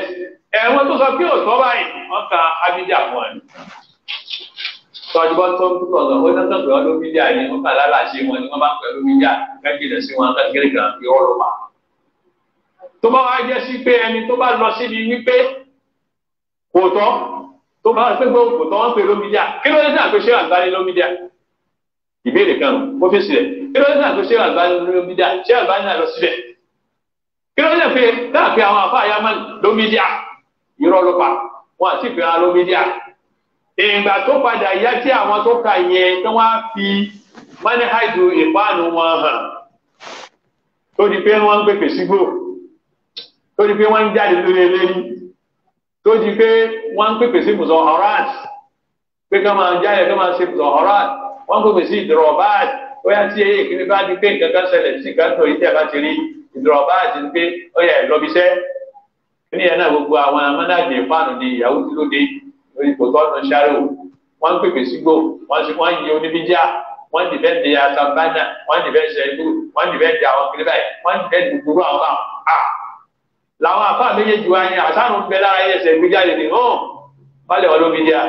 ẹ̀wọ́n tó sọ pé òótọ́ báyìí wọ́n ka abidjan fún wa ni tọ́júbọ́ tó ń túbọ̀ lọ wọ́n tẹ́tọ̀ pé ọdún mídíà ni wọ́n kà lálàṣẹ wọn ni wọ́n bá pẹ̀lú mídíà tó bá wá jẹ́ sí pé ẹni tó bá lọ síbi wípé kò tọ́ tó bá pé gbogbo kò tọ́ wọ́n pè lómídíà kí ló dé sí àpèṣe àgbáyé lómídíà ìbéèrè kan ó fi sílẹ̀ kí ló dé sí àpèṣe àgbáyé lómídíà ṣé àgbáyé náà lọ sílẹ̀ kí ló dé pé dáàbí àwọn àfa àyàmọ́ lómídíà irọ́ ló pa wọn àti ìpè ara lómídíà ìgbà tó padà yá tí àwọn tó ka yẹn tí wọ́n á fi mánihàjù ìpánu wọn hàn tó di pé wọ́n ń pèpè sígbò tó di pé wọ́n ń jáde lórí eléyìí tó di pé wọ́n ń pèpè sí mùsọ̀ ọ̀rát pé ká máa jáyẹ ká máa ṣe mùsọ̀ ọ̀rát wọ́n ń pèpè sí ìdúrọ̀báàt bóyá tí eyín ìkíní bá di pé nǹkan kan ṣẹlẹ̀ sí ìgbàgbọ́ yìí tẹ̀ bá ti rí ìdúrọ̀báàt ni pé ó yẹ lọ́bíṣẹ́ ní ẹ̀ náà gbogbo àwọn amọ́nàjì ìfáànù ni ìyàwó tí ló dé lórí kòtò ọ̀nà ṣáró wọ́n ń pèpè sígbó wọ́n sì wọ́n yin oníbíjà wọ́n dìbẹ́ di asambana wọ́n dìbẹ́ ṣẹ́gbó wọ́n dìbẹ́ di àwọn kiri báyìí wọ́n dìbẹ́ di gbogbo àwọn báwọn ah! làwọn àfáà méjèèjì wá ní àsánù bẹ lára ẹsẹ̀ ìgbéjáde ní hàn balẹ̀ ọlọ́mídíà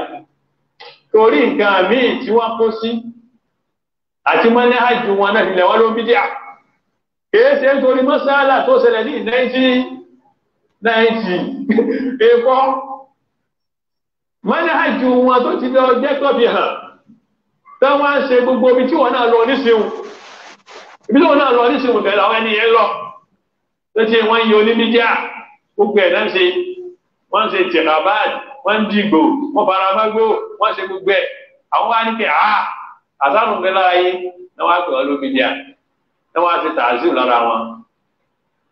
torí nǹkan míì tí wọ́n kó sí àti mọ́lẹ́ àjù wọn náà ilẹ̀ wọn lọ́mídíà nítorí mọ́sálà tó ṣẹlẹ̀ ní 1990 ẹ̀kọ́ àjù wọn tó ti lọ hàn gbogbo omi tí náà lọ ibi tí náà lọ bẹ̀rẹ̀ àwọn ẹni yẹn lọ. tẹ́tí wọ́n yẹ onímídíà gbogbo ẹ̀ náà ṣe wọ́n ṣe tìrabáàd wọ́n dìgbò wọ́n faramágbó wọ́n ṣe gbogbo ẹ̀ àwọn wá ní kí a àtàrù ń bẹ lára yé náà wọ́n á pè wọ́n lómídíà náà wọ́n á ṣe tààzù lára wọn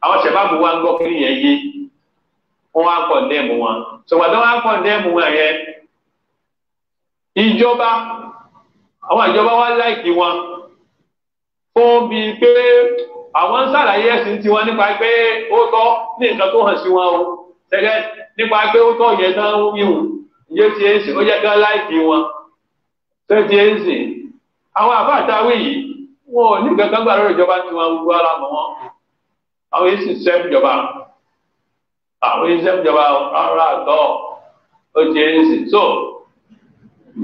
àwọn ṣẹ̀báàbù wa ń gbọ́ kí nìyẹn yé wọ́n á kọ̀ ndẹ́ẹ̀mù wọn sọ̀gbàdàn wọ́n á kọ̀ wọn yẹn ìjọba àwọn ìjọba wa láìkí wọn fún bíi pé àwọn ń sàlàyé ẹ̀sìn tiwọn nípa pé ó tọ́ ní nǹkan tó hàn sí wọn o tẹ́lẹ̀ nípa pé ó tọ́ yẹn tán wíwù yóò ti ń sìn ó yẹ kán láìpín wọn tó ti ń sìn àwọn àbá yìí wọn ò ní nǹkan gbà lórí ìjọba tí wọn ara mọ́ wọn àwọn yìí sì sẹ́ẹ̀mù ìjọba àwọn yìí sẹ́ẹ̀mù ìjọba rárá àtọ́ ó ti ń sìn so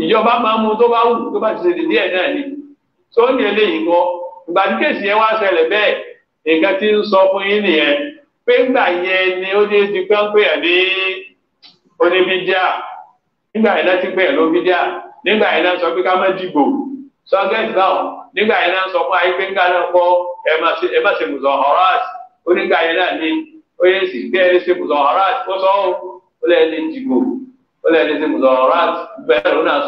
ìjọba máa mú tó bá wù tó bá ti ṣe díẹ̀ náà ni tó ń yẹ léyìn ìgbà tí kèsì yẹn wá ṣẹlẹ̀ bẹ́ẹ̀ nǹkan tí ń sọ fún yín nìyẹn pé ńgbà yẹn ni ó ní ti pẹ́ ń pè ní oníbíjà nígbà yẹn náà ti pè ẹ́ lóbíjà nígbà yẹn náà sọ pé ká má dìbò sọgẹ́tì náà nígbà yẹn náà sọ fún ayé ńgbà náà kọ́ ẹ má ṣe ọ̀rọ̀s onígbà yẹn náà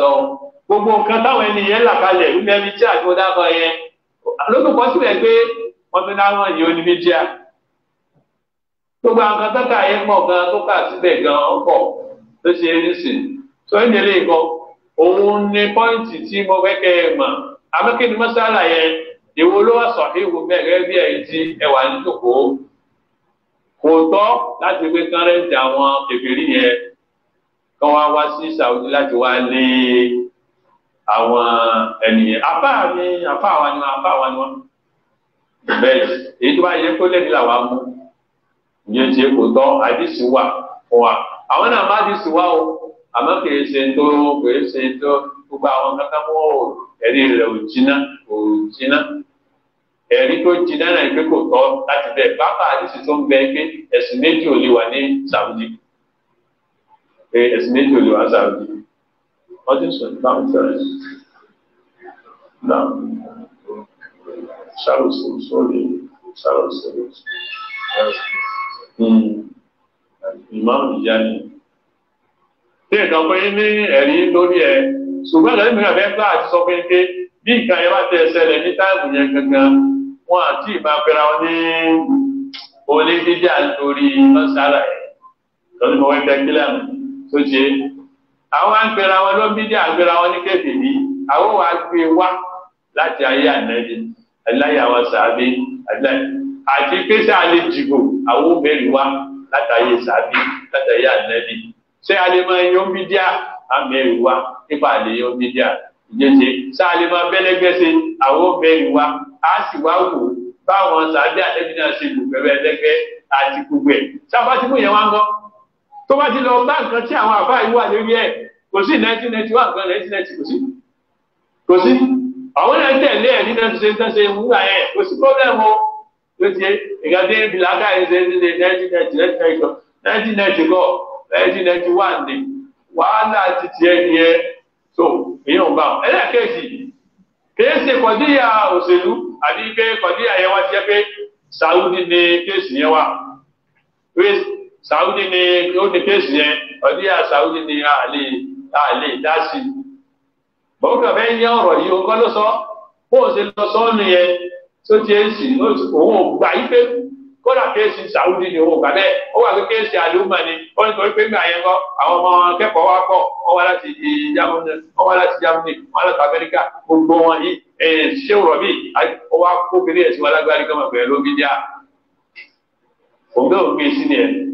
gbogbo nǹkan táwọn ènìyàn là kalẹ̀ yẹn lórúkọ sílẹ̀ pé wọ́n ti náwọn yìí onímídíà gbogbo àwọn kan tọ́ka yẹn pọ̀ gan tó kà sílẹ̀ gan ọ̀pọ̀ tó ṣe é nísìn tó ń délé nǹkan òun ni pọ́ìntì tí mo fẹ́ kẹ́ ẹ mọ̀ amákéde mọ́sálà yẹn ìwo ló wà sọ̀rọ̀ ìwò mẹ́rẹ̀ẹ́ bí ẹ̀yìn tí ẹ wà ní tòkó kò tọ́ láti gbé kárẹ́ǹtì àwọn kèfèrí yẹn kán wá wá sí Saudi láti wá lé e àwọn ènìyàn apá mi apá àwọn ni wọn apá àwọn ni wọn bẹ́ẹ̀ èyí tó bá yẹ kó lẹbi làwọn mú ìyẹn tiẹ̀ kò tọ́ àdìsí wà fún wa àwọn náà má dìsí wà o àmọ́ kìí ṣe tó kìí ṣe tó gbogbo àwọn kankan mọ o ẹ̀rí rẹ̀ ò jiná ò jiná ẹ̀rí tó jiná náà pé kò tọ́ láti bẹ bàbá àdìsí tó ń bẹ pé ẹ̀sìn méjì ò lè wà ní sàwùjì ẹ̀sìn méjì ò lè wà ní sàwùjì. Audience downstairs. Now, Charles is sorry. Charles is. Ìmáàmù ìyá ni. Bí ìtàn pé ní ẹ̀rí lórí ẹ̀, ṣùgbọ́n ìtàn mìíràn bẹ́ẹ̀ bá àti sọ pé pé bí nǹkan yẹn bá tẹ ṣẹlẹ̀ ní táìmù yẹn gangan, wọn àti ìmáa pera wọn àwọn àgbèrà wọn ló ń bí dé àgbèrà wọn ní kébìrì àwọn wà gbé wá láti ayé ànẹ́bí ẹláyàwó sàbí ẹlẹ àti pèsè àlè jìgò àwọn obìnrin wá látàyè sàbí látàyè ànẹ́bí ṣé àlèmọ yóò bí díà àmì ìwà nípa àlè yóò bí díà ìjẹsẹ ṣé àlèmọ abẹlẹgbẹsẹ àwọn obìnrin wá á sì wá wò báwọn sàbí ànẹ́bí náà ṣe gbogbo ẹgbẹ àti gbogbo ẹ sábà tí mo yẹ wá ń gbọ́ tó bá ti lọ bá nǹkan tí àwọn àbá yìí wà lórí ẹ̀ kò sí nineteen ninety one kan nineteen ninety kò sí kò sí àwọn náà tẹ̀lé ẹ̀ ní nineteen ninety one ṣe wúrà ẹ̀ kò sí problem o ló ti ìgbàdé bìlákà ẹ̀ ṣe ní nineteen ninety nineteen ninety kọ nineteen ninety one ni wàhálà ti tiẹ̀ nìyẹn so èèyàn bá wọn ẹlẹ́ẹ̀kejì kìí ṣe kọ̀díyà òṣèlú àbí pé kọ̀díyà yẹn wá jẹ́ pé Saudi ni kéèsì yẹn wà Saudi ni ó ní kéèsì yẹn ọdíyà Saudi ni àlè àlè dá sí i bọ́n kàn fẹ́ yẹ ọ̀rọ̀ yìí òun kọ́ ló sọ bó o ṣe lọ sọ ọ́nù yẹn tó ti ń sìn òun ò gbà yí pé kódà kéèsì Saudi ni òun ò gbà bẹ́ẹ̀ ó wà pé kéèsì àlùmọ̀ ni ó ní torí pé gbà yẹn kọ́ àwọn ọmọ akẹ́kọ̀ọ́ wa kọ́ wọ́n wá láti Germany wọ́n wá láti Germany wọ́n wá láti Amẹ́ríkà gbogbo wọn yìí ṣé wọ̀ mí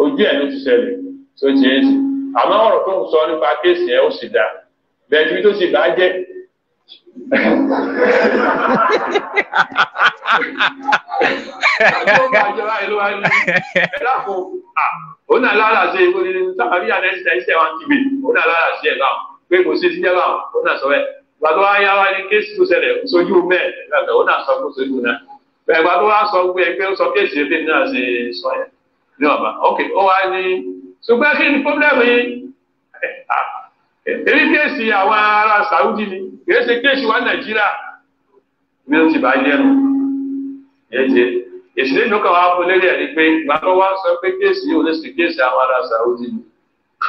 ojú ẹ̀ ló ti ṣẹlẹ̀ tó ti ẹ̀ sì àmọ́ ọ̀rọ̀ tó ń sọ nípa kéèsì ẹ̀ ó sì dà bẹ́ẹ̀ ju tó sì bá jẹ́ ó nà lára ṣe ìwé ní sábàbí àná ẹsẹ ẹsẹ wa ti bì ó nà lára ṣe ẹ báwọn pé kò sí ìdíjẹ báwọn ó nà sọ bẹ́ẹ̀ gbàtọ wa yá wa ní kéésì tó ṣẹlẹ̀ sójú mẹ́ẹ̀ ó nà sọ fún sójú náà bẹ́ẹ̀ gbàtọ wa sọ fún ẹgbẹ́ sọ kéésì ètè náà ṣe sọ yẹn ní ọba ok ó wá ní ṣùgbọ́n kí ni pọ́blẹ́mù yìí èyí kéèsì àwọn ará Saudi ni kìí ṣe kéèsì wa Nàìjíríà mi ò ti bá yẹ nu yẹjẹ èsì nínú kan wà fún lélẹ̀ ni pé gbàgbọ́ wa sọ pé kéèsì yìí ò lè ṣe kéèsì àwọn ará Saudi ni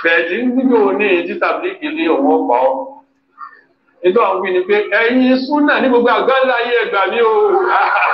bẹ̀ẹ̀dì nígbà òní títà bíríkì ní òun ọkọ̀ ọ́ nítorí àwọn wí ni pé ẹ̀yin súnà ní gbogbo àgbáńlá ayé ẹgbàá ní o. [LAUGHS]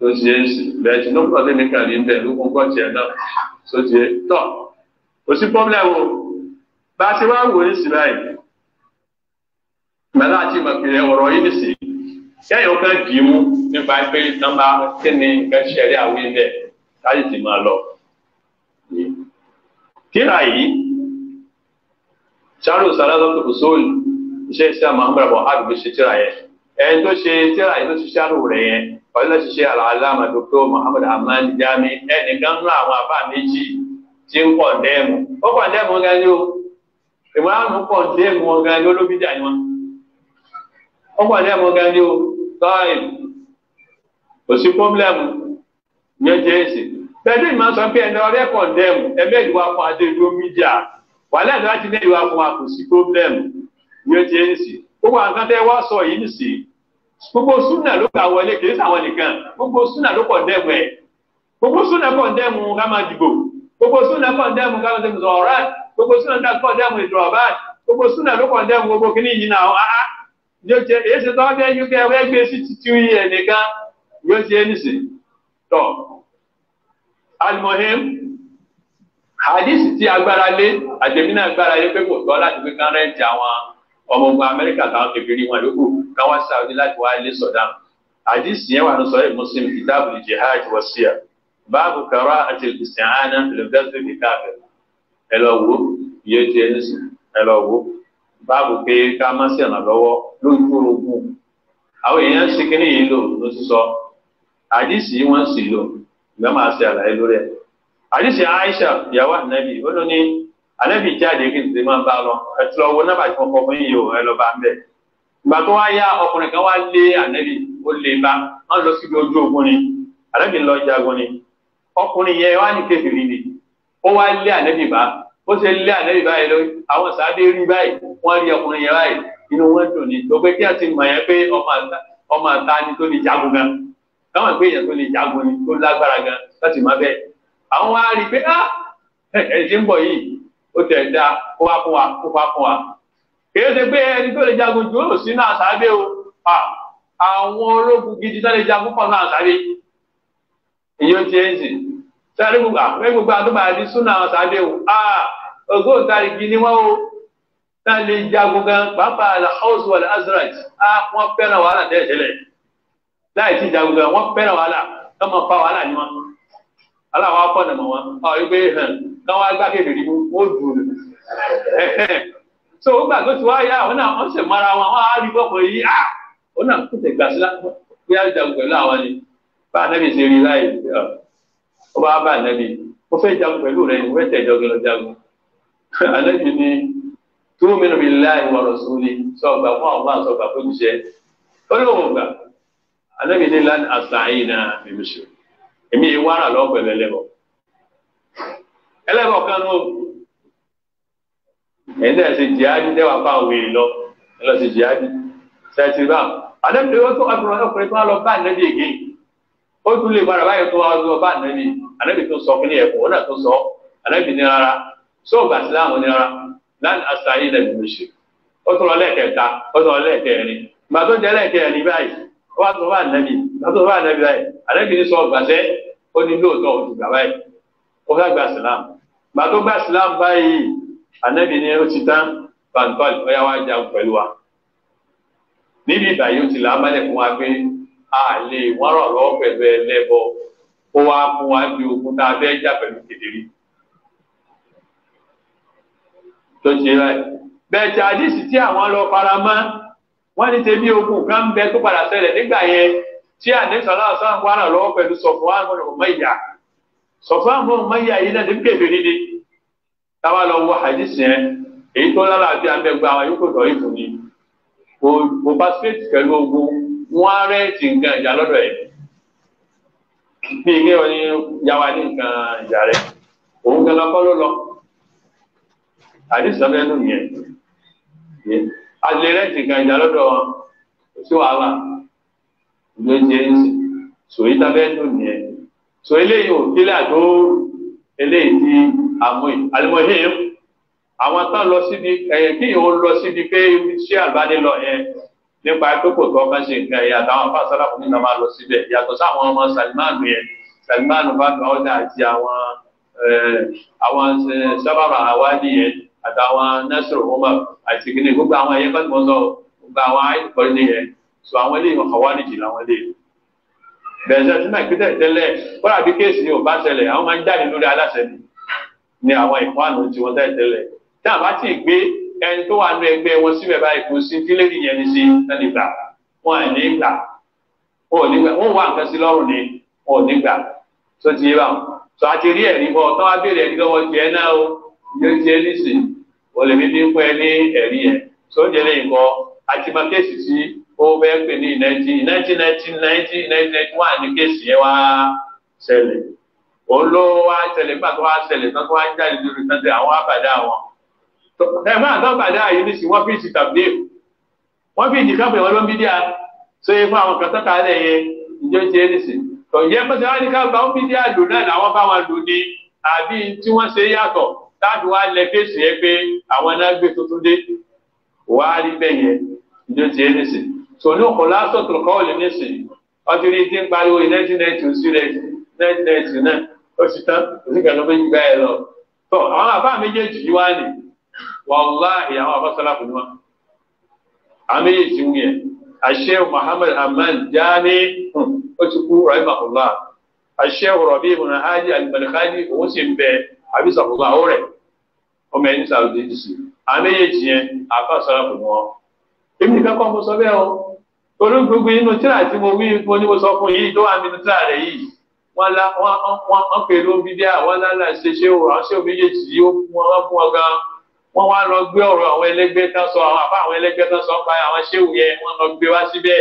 tó ti yé bẹ́ẹ̀ tí lóòótọ́ lè ní kàlí ń bẹ̀ ló kún kọ́ tiẹ̀ náà tó ti yé tọ̀ kò sí pọ́blẹ́mù bá a ti wá wò ní sí báyìí mẹ́lá àti ìmọ̀pìnrin ọ̀rọ̀ yìí nìsí kẹ́yìn kan dì í mú nípa pé nọ́mbà kí ni nǹkan ṣẹ̀rí àwọn ilẹ̀ káyì ti máa lọ. kíra yìí charles sarazọ́tò kùsóòlù iṣẹ́ iṣẹ́ àmọ́ àmúra bọ̀ àdùgbò ṣe tíra yẹn ẹni tó ṣe tíra yìí ló ṣiṣẹ́ àrò rẹ̀ yẹn. ọ̀lẹ́ ṣiṣẹ́ aláàlámà dókítà Muhammad Hamad Jami ẹnìkan nú àwọn àbá méjì tí ń pọ̀ dẹ́mu ó pọ̀ o ìmọ̀ràn pọ̀ dẹ́mu wọn gan olóbi dà ni wọn ó pọ̀ o tọ́ì kò sí pọ́blẹ́mù ní ọjọ́ èsì pẹ̀lú ìmọ̀ sọ pé ẹni ọ̀rẹ́ pọ̀ dẹ́mu ẹgbẹ́ ìwà fún adé gbogbo súnà ló gbà wọlé kì í sàwọn nìkan gbogbo súnà ló kọ̀ dẹ́mu ẹ̀ gbogbo súnà kọ̀ dẹ́mu ká máa dìbò gbogbo súnà kọ̀ dẹ́mu ká máa dẹ́mu zọ̀ọ̀rán gbogbo súnà kọ̀ dẹ́mu gbogbo ló ah, ah. ti agbára lé agbára pé kò tọ́ láti gbé kán ọmọ ogun amẹ́ríkà táwọn kékeré wọn yòókù káwọn sáwọ́dí láti wa ilé sọ̀dán àdìsí yẹn wà ní muslim kitabu jihad wasiya báàbù kara àti ìsìnàánà fìlìfẹ́sì kìkàfẹ́ ẹ lọ wo iye tí ẹni ẹ lọ wo báàbù pé ká má sí lójú ogun àwọn èèyàn kíní yìí lò ló ti sọ àdìsí wọn sì lò ìgbà máa ṣe àlàyé lórí ẹ àdìsí Aisha ó ànábì jáde kí n sì máa ba a lọ ẹ ti lọ wo náà bàtí wọn kọ fún yìí o ẹ lọ bá ń bẹ ìgbà tó wá yá ọkùnrin kan wá lé ànábì ó lè bá wọn lọ síbi ojú ogun ni ànábì lọ jagun ni ọkùnrin yẹn wá ní kékeré ni ó wá lé ànábì bá ó ṣe lé ànábì báyìí lọ àwọn sàádé rí báyìí wọn rí ọkùnrin yẹn báyìí inú wọn dùn ní gbogbo kí a ti mọ yẹn pé ọmọ àta ni tó lè jagun gan káwọn ìpè yẹn tó lè jagun ni tó lágbára gan láti má bẹ àwọn wá rí pé ah ẹ ṣe ń bọ̀ yìí ó tẹ̀ dá kó wá fún wa kó wá fún wa. kìí ṣe pé ẹni tó lè jagun jù ó sì náà o àwọn ológun gidi tó lè jagun pọ̀ náà sábẹ́ ìyóò ti ń sìn sáré gbogbo àwọn gbogbo àdúgbò àti súnà àwọn o ògbóǹtarìgì ni wọ́n o tá lè jagun gan pàápàá wọ́n fẹ́ràn wàhálà láì jagun gan wọ́n fẹ́ràn wàhálà wọ́n fa wàhálà ni wọ́n. aláwọ̀ afọ́nà mọ̀ wọn ọ wípé hàn káwọn agbákejì rí ó dùn ún so ó gbà tó ti wá yá àwọn náà wọ́n sì mara wọn wọ́n á rí bọ́pọ̀ yìí á ah! ó náà kó tẹ̀ gbà sí lápò bí á jagun pẹ̀lú àwọn ni bá anábì ṣe rí láì ọ bá bá anábì ó fẹ́ jagun pẹ̀lú rẹ ni ó fẹ́ tẹ̀ jọgin lọ jagun anábì ni tó mìíràn mi láì wọ̀ ọ̀rọ̀ sùn ni sọ̀gbà fún àwọn máa sọ̀gbà fún ìṣe ó lóun gbà anábì ni lánàá àṣà yìí náà mímú ṣe èmi yìí wàrà lọ pẹ̀lú ẹlẹ́bọ ẹlẹ́bọ kan ló ẹ̀yin náà ṣe jihadi dẹ́wà fún àwọn èèyàn lọ ẹ lọ ṣe jihadi ṣẹ́ẹ̀tì bá àdébìlẹ̀ ó tó ọkùnrin ọkùnrin tó wà lọ bá ànábì ègé ó tún lè padà báyìí tó wà lọ bá ànábì ànábì tó sọ fún ẹ̀kọ́ ó náà tó sọ ànábì ní rárá sóògbà ìsìláàmù ní rárá láti àṣà yìí lẹ́nu ṣe ó tún lọ lẹ́ẹ̀kẹta ó tún lọ lẹ́ẹ̀kẹrin màá tó jẹ́ lẹ́ẹ̀kẹrin báyìí ó wá tó bá nàbì tó bá nàbì báyìí àlẹ́bí ní sọ gbàṣẹ́ ó ní lóòótọ́ òtù gbà báyìí ó fẹ́ gba islam gbà tó gba islam báyìí ànábì ní ó ti tán bàǹtọ́lì ó yá wá jagun pẹ̀lú wa níbi ìbàyí ó ti là á mọ́lẹ̀ fún wa pé a lè wọ́n rọ̀ lọ́wọ́ pẹ̀lú ẹlẹ́bọ ó wá fún wa ju ogun tá a fẹ́ jà pẹ̀lú kedere tó ti rẹ̀ bẹ́ẹ̀ tí àdìsí tí àwọn lọ fara mọ́ wọ́n ní tẹ̀bí ogun kan ń bẹ tó padà ṣẹlẹ̀ nígbà yẹn tí àdéhùn aláàsán wà náà lọ́wọ́ pẹ̀lú sọ̀fún àwọn ọmọ ìyá sọ̀fún àwọn ọmọ ìyá yìí náà ní kébè níbi táwa lọ wọ àdìsí yẹn èyí tó lára àti àmẹ́gbẹ́ àwọn yòókù tọ́ ìfún ni kò bá sèétì pẹ̀lú ogun wọn á rẹ́ẹ̀tì nǹkan ìjà lọ́dọ̀ ẹ̀ bí ilé ọ̀ní yàwá ní nǹkan ìjà rẹ̀ òun gan lọ́kọ́ ló lọ àdìsí ọ̀bẹ nù yẹn alẹ́ rẹ́ǹtì kan ìjà lọ́dọ̀ wọn kò sí wàhálà ló jẹ́ ẹ̀sìn sòrí tábẹ́ẹ̀tì nìyẹn sòrí eléyìí ò kílẹ̀ àdó eléyìí ti àmọ́ àlùmọ́hìn àwọn tán lọ síbi ẹ̀yẹ kí ìhun lọ síbi pé ṣé àlùbáde lọ yẹn nípa pé kò tó ọkàn ṣe nǹkan ẹ̀yà àtàwọn afáàsálà fún mi náà máa lọ síbẹ̀ yàtọ̀ sáwọn ọmọ Salimánu yẹn Salimánu bá gbà ọ́dà àti àwọn sábàbà àwádìí yẹn àtàwọn nẹ́sìrò ọmọ àti kìnnì gbogbo àwọn ẹ̀yẹ kọ́ tí mo sọ gbogbo àwọn àìkọ́rí nìyẹn so àwọn eléyìí wọn kọ̀wá nìjì làwọn eléyìí bẹ̀rẹ̀ sẹ́yìn tí màá ìpínlẹ̀ tẹ́lẹ̀ kọ́lá bí kéèsì ni ò bá ṣẹlẹ̀ àwọn máa ń jáde lórí aláṣẹ ni ni àwọn ìfọ́ àná tí wọ́n tẹ́lẹ̀ tẹ́lẹ̀ tí àbá ti gbé ẹni tó wà nú ẹgbẹ́ wọn síbẹ̀ báyìí kò sí tí lẹ́yìn ni sí tẹ́lẹ̀ ni wọn ò olè mi ní pẹ́ ní ẹ̀rí yẹn sóúnjẹ lè kọ àti máa kéèsì sí ó bẹ́ẹ̀ pè ní nineteen nineteen nineteen nineteen ninety one ní kéèsì yẹn wá ṣẹlẹ̀ òun ló wá ṣẹlẹ̀ nígbà tó wá ṣẹlẹ̀ tán tó wá jáde lórí tẹ́tẹ́ àwọn àbàdà wọn ẹ máa tán àbàdà yìí ní sí wọ́n fi ìsì tàbí wọ́n fi ìjìká pè wọ́n ló ń bí díà ṣé fún àwọn kan tọ́ka rẹ̀ yẹn ìjọ ṣe é nìsín tọ̀yẹ́ pẹ́sẹ́ wá ní ká bá ń bí díà lò náà làwọn bá wọn lò ní àbí tí wọ́n ṣe yàtọ̀ táàbí wá lẹ kéèsì yẹn pé àwọn iná gbé tuntun dé wá rí bẹ́ẹ̀ yẹn ìjọ ti yé nìsín tòun kò lásán tó kọ́ òlì nìsín ọtí rí ti ń pariwo ní nineteen ninety two sí nineteen ninety nine ó ti tán òsìkà ló méjì gbá ẹ lọ tó àwọn àbá méjèèjì yìí wá ní wàláhì àwọn àbá sọláàpù ni wọn àwọn méjèèjì ń yẹ àṣẹ Muhammad Ahmad Jami ó ti kú rahimahullah àṣẹ rọbí ibùnà hajj alimalikaji òun sì ń bẹ àbísàkùnlá ó rẹ ọmọ ẹni sàrùdé ti sì àwọn méjèèjì yẹn àfàsọ́ra kò mọ́ èmi nìkan kọ́ mo sọ bẹ́ẹ̀ o torí gbogbo inú tíra tí mo wí mo ní mo sọ fún yìí tó wà nínú tíra rẹ̀ yìí wọ́n la wọ́n wọ́n wọ́n pèrò bíbíà wọ́n lálẹ́ ṣe ṣé o àwọn ṣé o méjèèjì yìí ó fún wọn fún wọn gan wọ́n wá lọ gbé ọ̀rọ̀ àwọn ẹlẹ́gbẹ́ tán sọ àwọn àbá àwọn ẹlẹ́gbẹ́ tán sọ pa àwọn ṣéwù yẹn wọ́n lọ gbé wá síbẹ̀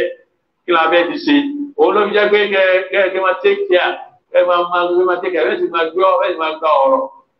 kí la bẹ́ẹ̀ ti ṣe òun ló fi jẹ́ pé kẹ́ kẹ́ kẹ́ máa take care kẹ́ máa máa kẹ́ máa take care bẹ́ẹ̀ sì máa gbé ọ bẹ́ẹ̀ sì máa gba ọ̀rọ̀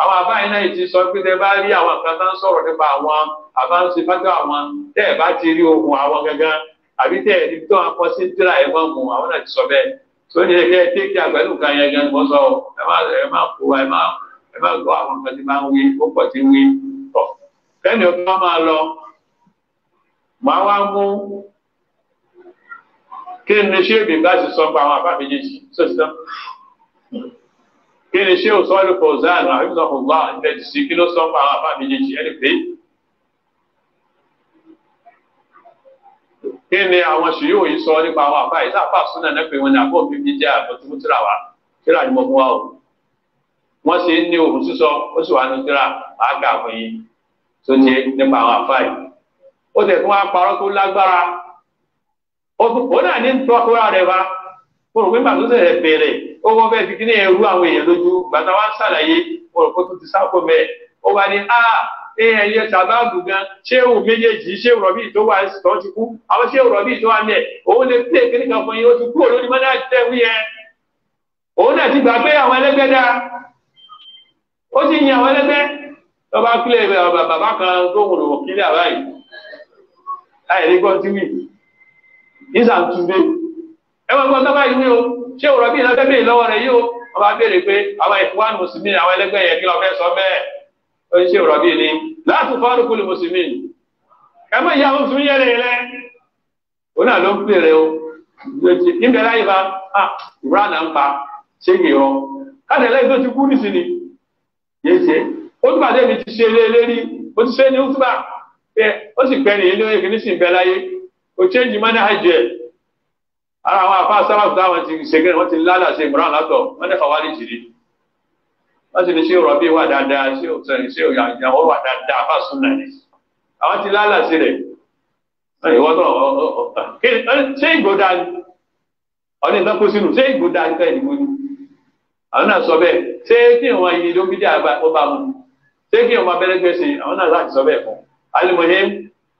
àwọn àbáyé náà ti sọ pé tẹ bá rí àwọn kan tán sọ̀rọ̀ nípa àwọn àbáǹsì fátó àwọn tẹ́ ẹ̀ bá ti rí ohun àwọn gangan àbí tẹ́ ẹ̀ tó wọn kọ́ sí tíra ẹ̀ wọ́n mú àwọn náà ti sọ bẹ́ẹ̀ tó ní ẹgbẹ́ tẹ́kí àgbẹ̀lú kan yẹn gan wọ́n sọ ẹ má ẹ má kó ẹ má ẹ má gbọ́ àwọn kan ti máa ń wí ó pọ̀ ti wí tọ̀ kẹ́ni ọba máa lọ màá wá mú kí ni ṣé ìbí bá ti sọ pa àwọn àbá méjèèjì sọ́sítọ́ kí ni ṣé òsán ló fọ zan àbíbùsọ̀kùnlá ilẹ̀ ti sí kí ló sọ fún àwọn àbá méjèèjì ẹni pé kí ni àwọn ṣìyí òyìn sọ nípa àwọn àbá yìí sáfà súnà náà pé wọn ni àbọ̀ bíbí jẹ́ àbọ̀ tó mútúrà wá tíra ni mo mú wa o wọ́n ṣe ń ní òògùn sísọ ó sì wà ní tíra àgbà fún yín tó ti nípa àwọn àbá yìí ó tẹ̀ fún wa parọ́ tó lágbára ó náà ní tọ́kúrà rẹ̀ bá. mo rò pé màá tó sẹ̀rẹ̀ bẹ̀rẹ̀ ó wọ́n bẹ́ẹ̀ fi kíní ẹrú àwọn èèyàn lójú gbàtà wá ń ṣàlàyé mo tó ti ó ní a ah, ẹyẹ sàbáàbù gan ṣéwù méjèèjì ṣéwù tó wà tó ti kú àwọn tó wà òun lè pè kíní kan fún yín ó ti kú òun náà ti gbà pé àwọn ó yin àwọn kílẹ̀ bàbá kan tó wùrọ̀ kílẹ̀ àbáyé tí wì ẹwọ́n gbọ́n tọ́ba ìwé o ṣé òrọ̀ bí ìlànà bẹ́ẹ̀ lọ́wọ́ rẹ̀ yóò wọ́n bá béèrè pé àwọn ìfúwánù mùsùlùmí àwọn ẹlẹgbẹ́ yẹn kí lọ́ọ́ fẹ́ sọ bẹ́ẹ̀ ó ṣe òrọ̀ bí ni láti fọ́ọ̀rù kúlù mùsùlùmí ẹ má yà wọn mùsùlùmí yẹlẹ yẹlẹ òun náà ló ń pèrè o níbẹ̀ láyé bá ìwúrà ah, náà ń pa ṣé yìí tó ti kú nísìnyí yé ṣe ti ṣe ara àwọn afá sábàbù táwọn ti ṣègbè wọn ti lálà ṣe ìmúra látọ wọn dẹfà wálé jìrì wọn sì ní ṣé òrọbí wà dáadáa ṣé òtẹni ṣé òyàwó wà dáadáa afá súnà ni àwọn ti lálà sí rẹ ìwọ náà ṣé ìgbòdà ọdún ìtọ́kùn sínú ṣé ìgbòdà nǹkan ìdìbò ni àwọn náà sọ bẹ́ẹ̀ ṣé kí wọn yí ló bí dáa ó bá mu ṣé kí wọn bá bẹ̀rẹ̀ gbèsè àwọn náà láti sọ bẹ́ẹ̀ fún alimọye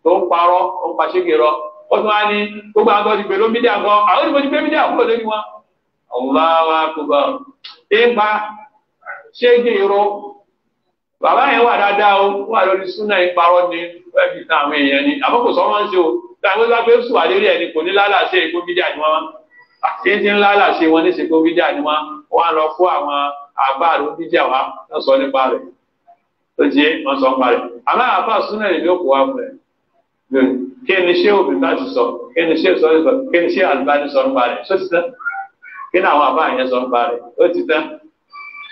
tó ń parọ́ ó ń pa ṣégè rọ ó tún wá ní gbogbo àgọ́ ti pẹ̀lú mídíà kan àwọn ìbò ti gbé mídíà kúrò lórí wọn. ọ̀la wa kò bá ipa ṣégi irú bàbá yẹn wà dáadáa o wà lórí súnà ìparọ́ ni wọ́n fi tan àwọn èèyàn ni àbọ̀kò sọ́mọ́ ń ṣe o táwọn bá gbé sùn àlérí ẹni kò ní lálàṣẹ ìkó mídíà ni wọ́n àti ti ń lálàṣẹ wọn ní ìsìnkú mídíà ni wọ́n wọ́n lọ fún àwọn àgbà àrùn mídíà wa lọ́sọ̀ọ́ nípa rẹ̀ tó jẹ́ wọ́n sọ ń parẹ́ àmọ́ àfa súnà ìlú òkú wa fún ẹ̀ lónìí. kí ni ṣé òbí bá ti sọ kí ni ṣé sọ sọ kí ni ṣé sọ ti tán kí ni àwọn àbá yẹn sọ ti tán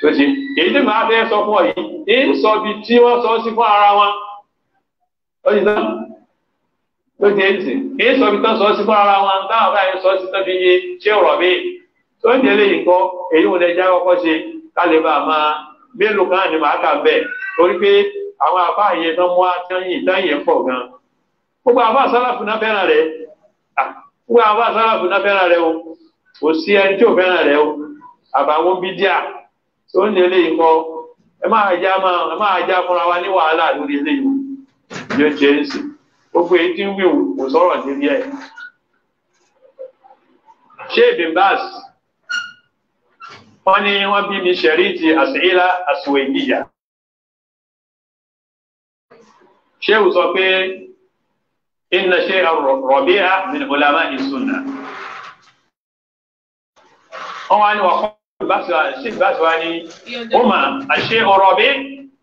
ó ti èyí tí màá fẹ́ sọ fún ọ yìí ń sọ bí tí wọ́n sọ ara wọn ó ti tán ó ti ń sọ bí tán sọ ara wọn sọ sí tán fi yé ṣé ọ̀rọ̀ mi tó ń délé èyí wọn lè já kọ́kọ́ ṣe ká lè bá a máa mélòó kan ni màá kà bẹ́ẹ̀ torí pé àwọn gbogbo àwọn asálàfù náà fẹ́ràn rẹ̀ ah, gbogbo àwọn asálàfù náà fẹ́ràn rẹ̀ o kò sí tí o àbàwọn ikọ ẹ máa já ẹ máa já fúnra wa ní wàhálà lórí eléyìí yóò ṣe é sí gbogbo èyí tí ń wí kò sọ̀rọ̀ níbi ẹ̀ ṣe ìbímbàs wọ́n mi sọ inna sheikh Rabi'a min ulama ìsúná. wọ́n wá ní wàkọ́ sheikh bàṣẹ wa ní ọmọ sheikh Rabi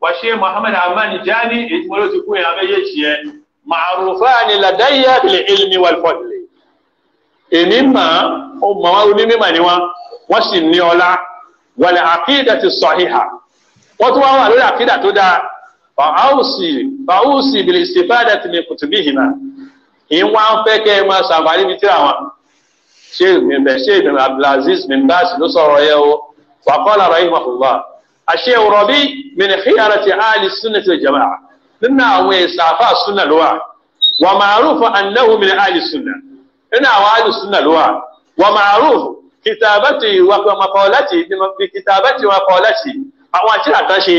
wa sheikh Muhammad Amman Jani èyí tí wọ́n ló ti kú yẹn abẹ́yẹ́ tiẹ̀ ma'rufani ladayya bil ilmi wal fadli èmi máa ó mọ̀ wá onímọ̀ ni wọ́n wọ́n sì ní ọlá wal aqidati sahiha wọ́n tún wá wà lórí àkídà tó dáa fàáùsì fàáùsì bil istifadati min kutubihima ń wá ń fẹ́ kẹ́ ẹ máa ṣàǹfààní ibi tí àwọn ṣé ìgbìmọ̀ ṣé ìgbìmọ̀ abdulaziz bin baz ló sọ̀rọ̀ yẹ o wa qala rahimahullah àṣẹ Rabi min khiyarati ahli sunnati wal jamaa nínú àwọn ẹ̀sà àfa sunna ló wà wa ma'ruf annahu min ahli sunna nínú àwọn ahli sunna ló wà wa ma'ruf kìtàbátì wàkọ̀ọ̀látì kìtàbátì wàkọ̀ọ̀látì àwọn àti àtàṣe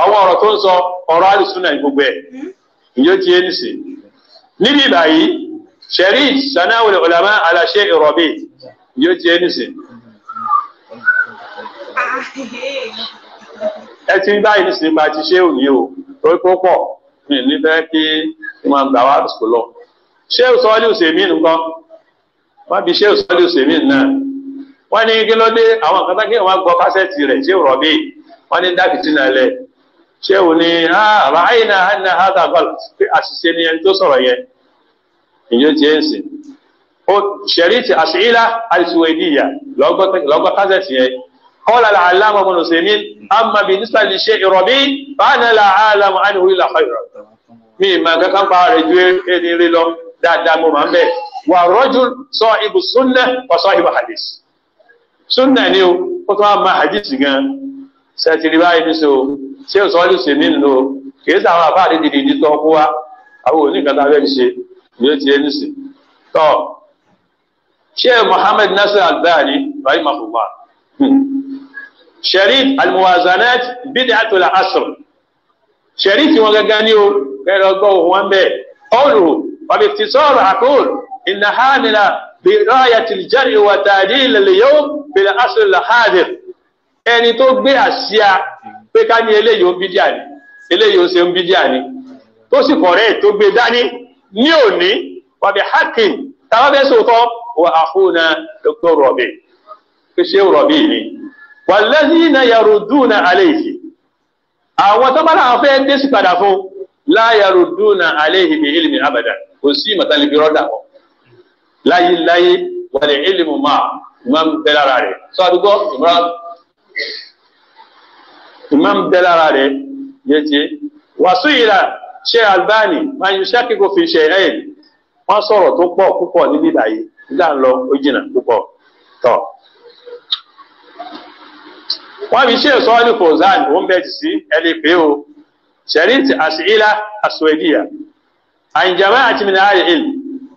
àwọn ọ̀rọ̀ tó ń sọ ọ̀rọ̀ ahli sunna gbogbo ẹ̀ ìyó ti yé nìsín níbi ìbàyí sharif sanáwó ulama ala shaykh Rabi yóò ti ẹni sìn. ẹ ti rí báyìí nísìnyí máa ti ṣé òní o torí kó pọ̀ mi ní fẹ́ kí wọ́n gbà wá sùkúl lọ. ṣé òsọ́ọ́lì òsèmí nǹkan wọ́n fi ṣé òsọ́ọ́lì òsèmí náà wọ́n ní kí ló dé àwọn kan tó kí wọ́n gbọ́ kásẹ̀tì rẹ̀ ṣé Rabi wọ́n ní dábìtì náà lẹ̀ ṣé o ní àbá àyìnà àyìnà hàdà gọl pé àṣìṣe ni ẹni tó sọ̀rọ̀ yẹn ìjọ tiẹ̀ ń sìn ó ṣẹ̀rí ti àṣìlá àìsùwẹ̀dìyà lọ́gbọ́ kásẹ̀tì yẹn kọ́lá la àlámọ̀ ọmọ nùsẹ̀mí àmà bí nísà lè ṣe ìrọ̀bí báyìí la àlámọ̀ àníwò ìlà ọ̀rọ̀ mi ìmọ̀ kankan pa rẹ̀ ju ẹni rí lọ dáadáa mo máa ń bẹ̀ wà rọ́jú sọ ibù súnnà wà sọ ibù hadith súnnà ni ó tó máa ma hadith gan sẹ́tìrì báyìí ní sọ ṣé o sọ́ọ́lì ṣe mí nù o kìí sàwọn àbá àdídì dìdí tó kó wa àwọn òní nǹkan tá a fẹ́ fi ṣe ní ti ẹni sí. tọ́ ṣé Muhammad Nasir Albani rahimahullah sharif almuwazanat bid'atul asr sharif wọn gẹ́gẹ́ ní o kẹrẹ ọgbọ òun wọn bẹ ọlù wàbí ti sọ̀rọ̀ àkóòlù ìnà hàmìlà bìráyàtì jẹrì wàtàdí ìlẹlẹyọ bìlà asr al ẹni tó gbé àsíá pé ká ní eléyìí ó ń bídíà ni eléyìí ó ṣe ń bídíà ni tó sì kọ̀rẹ́ tó gbé dání ní òní wàbí hakin táwa fẹ́ sòtọ́ wà àfúnà dr rọ̀bì pé ṣé rọ̀bì ni wàlẹ́sí iná yàrá dùnà alẹ́ yìí àwọn tó bá láwọn fẹ́ dé sí padà fún láyàrá dùnà alẹ́ yìí bí ilmi abada kò sí ìmọ̀tálẹ́bí rọ́dà kọ́ láyéláyé wàlẹ́ ilmu máa máa ń bẹ́ lára rẹ̀ sọ ìmúra imam bẹ́ lára rẹ̀ yẹtí wàásù yìí la ṣe albani máa yọ ṣákìkò fi ṣe ẹ̀yìn wọ́n sọ̀rọ̀ tó pọ̀ púpọ̀ níbí báyìí nígbà ńlọ ó jìnnà púpọ̀ tọ̀. wọ́n fi ṣe sọ́ọ́lì fòzán ó ń bẹ̀ jì sí ẹni pé o ṣẹ̀ríntì àṣìílá àṣùwẹ̀dìyà àǹjàmá àti mìnàárì il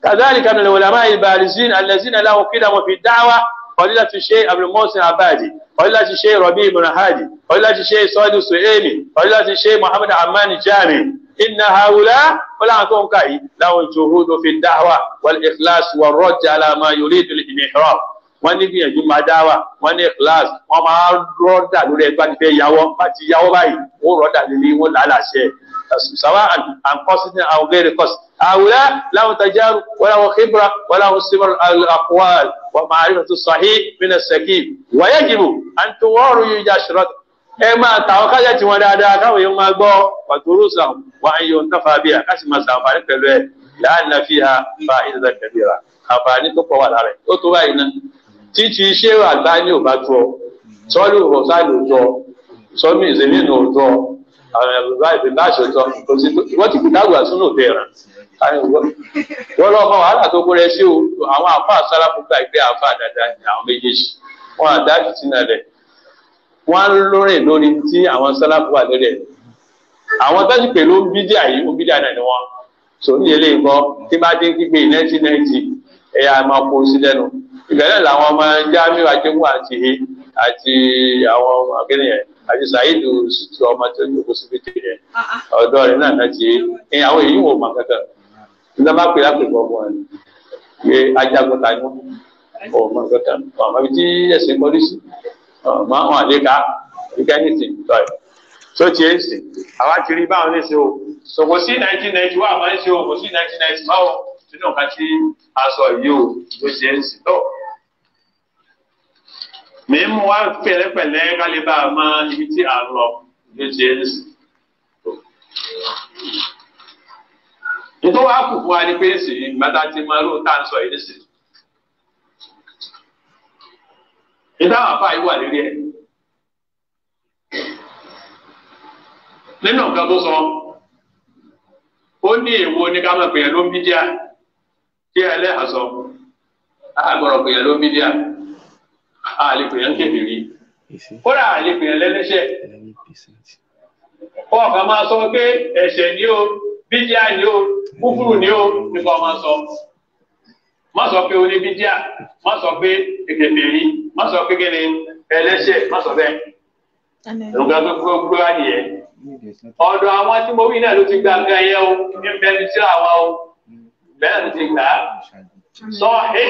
kàdáàlìkà nìlẹ̀ wọ̀lámà ìbàrìsìn alẹ́sìn aláwọ̀ kídà wọn fi dáwà ọ̀dílà fi ṣe àbùrùmọ́sìn àbáàdì ọ̀rí láti ṣe rọ̀bí ibn hadi ọ̀rí láti ṣe sọ́ọ́dù suhaili ọ̀rí láti ṣe muhammad amani jami inna haula wọ́n àwọn tó ń kà yìí láwọn juhudu fi dáwà wal ikhlas wal radd ala ma yuridu al-inhiraf wọ́n ní gbìyànjú máa dáwà wọ́n ní ikhlas wọ́n máa rọ́dà lórí ẹgbẹ́ àti fẹ́ yàwọ́ àti yàwọ́ báyìí wọ́n rọ́dà lórí wọ́n làálàṣẹ سواء عن قصد او هؤلاء لهم تجارب ولهم خبره ولهم سبر الاقوال ومعرفة الصحيح من السكيم ويجب أن تواروا يجاشرات ẹ máa tàwọn kájà tí wọn dáadáa káwọn yóò máa gbọ́ pàtóró sàn wọn àyè òun tàfà bíi àkàṣì máa ṣàǹfààní pẹ̀lú ẹ láàánú fi ha fa ìdílé kẹbí ra àǹfààní tó pọ̀ wà lára ẹ ó tó báyìí náà títí iṣẹ́ àgbá ní ò bá tu sọ́ọ́lù rọ̀sáàlì ò tu ọ sọ́ọ́lù àwọn ẹ̀rọ báyìí bá wọ́n lọ́ọ́ mọ wàhálà tó kó rẹ sí o àwọn àfa àsálàkù gba ìgbé àfa àdàdà ní àwọn méjèèjì wọn àdájú sínú rẹ wọn lórí lórí tí àwọn sálàkù wà lórí ẹ àwọn tó ti pè ló ń bídíà yìí ó bídíà náà ni wọn sọ ní ilé ìkọ tí bá ti ń kígbe nineteen ninety ẹ̀yà máa kó sí lẹ́nu ìbẹ̀rẹ̀ làwọn ọmọ jamiu ajẹ́kùn àti he àti àwọn akéde yẹn àti sàyídù sùtù ọmọ tó ń jókòó síbi tèèyàn ah, ah. ọ̀dọ́ rẹ̀ náà náà ti àwọn èyí wò mà kankan nígbà bá pè lápè bọ̀ wọn pé ajagun ta ni wọn ọ̀ mọ̀ nǹkan tán ọ̀mọ ibi tí ẹ̀sìn kọ́lí sí ọ̀mọ àwọn àlékà ìkẹ́ ní ti tọ́ ẹ̀ tó ti ẹ̀ sìn àwa ti rí báwọn ní ṣe o sọ kò sí nineteen ninety one àwọn ní ṣe o kò sí nineteen ninety báwọn nínú nǹkan tí a sọ yìí o ló ṣe ń sìn tọ́ mi mú wa pẹ̀lẹ́pẹ̀lẹ́ kálíbà máa ibi tí à lọ ló ṣe ń sìn nítorí wàá kù fún wa ní pé èsì gbàtà ti máa lóun tá à ń sọ yìí nísìnyí. ìdáhùn àfa yìí wà lórí ẹ̀. nínú nǹkan tó sọ ó ní èwo ní ká máa pèèyàn ló ń bí díà sọ àgbọ̀rọ̀ pèèyàn ló ń bí díà kódà àlè pèèyàn lẹ́lẹ́ṣẹ̀ ọ̀kan máa sọ pé ẹ̀ṣẹ̀ ni ó bí ni ó kúkúrú ni ó nípa ọmọ sọ má sọ pé oníbídíà má sọ pé èkèbèrè má sọ pé kíni ẹlẹ́ṣẹ̀ má sọ bẹ́ẹ̀ nǹkan tó gbogbo gbogbo wá nìyẹn ọ̀dọ̀ àwọn tí mo wí náà ló ti gba nǹkan yẹn o ní bẹ́ẹ̀ sí àwa o bẹ́ẹ̀ ló ti gbà á sọ ẹ́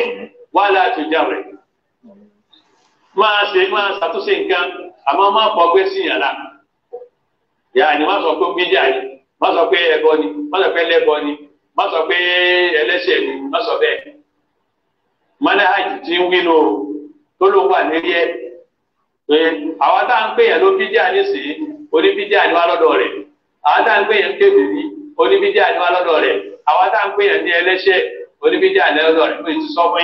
wà láti jáwé máa ṣe máa ṣàtúnṣe nǹkan àmọ́ má pọ̀ gbé sí yàrá yàrá ni má sọ pé ó gbé jáde. má sọ pé ẹbọ ni má sọ pé ẹlẹ́bọ ni má sọ pé ẹlẹ́ṣẹ̀ ni má sọ ti ń wí lóru tó ló wà lérí ẹ pé àwọn tá à ń pè yẹn ló bídíà nísìnyí oníbídíà ni wà lọ́dọ̀ rẹ̀ àwọn tá à ń pè yẹn ń ní oníbídíà ni wà lọ́dọ̀ rẹ̀ àwọn tá à ń pè yẹn ní oníbídíà ni pé fún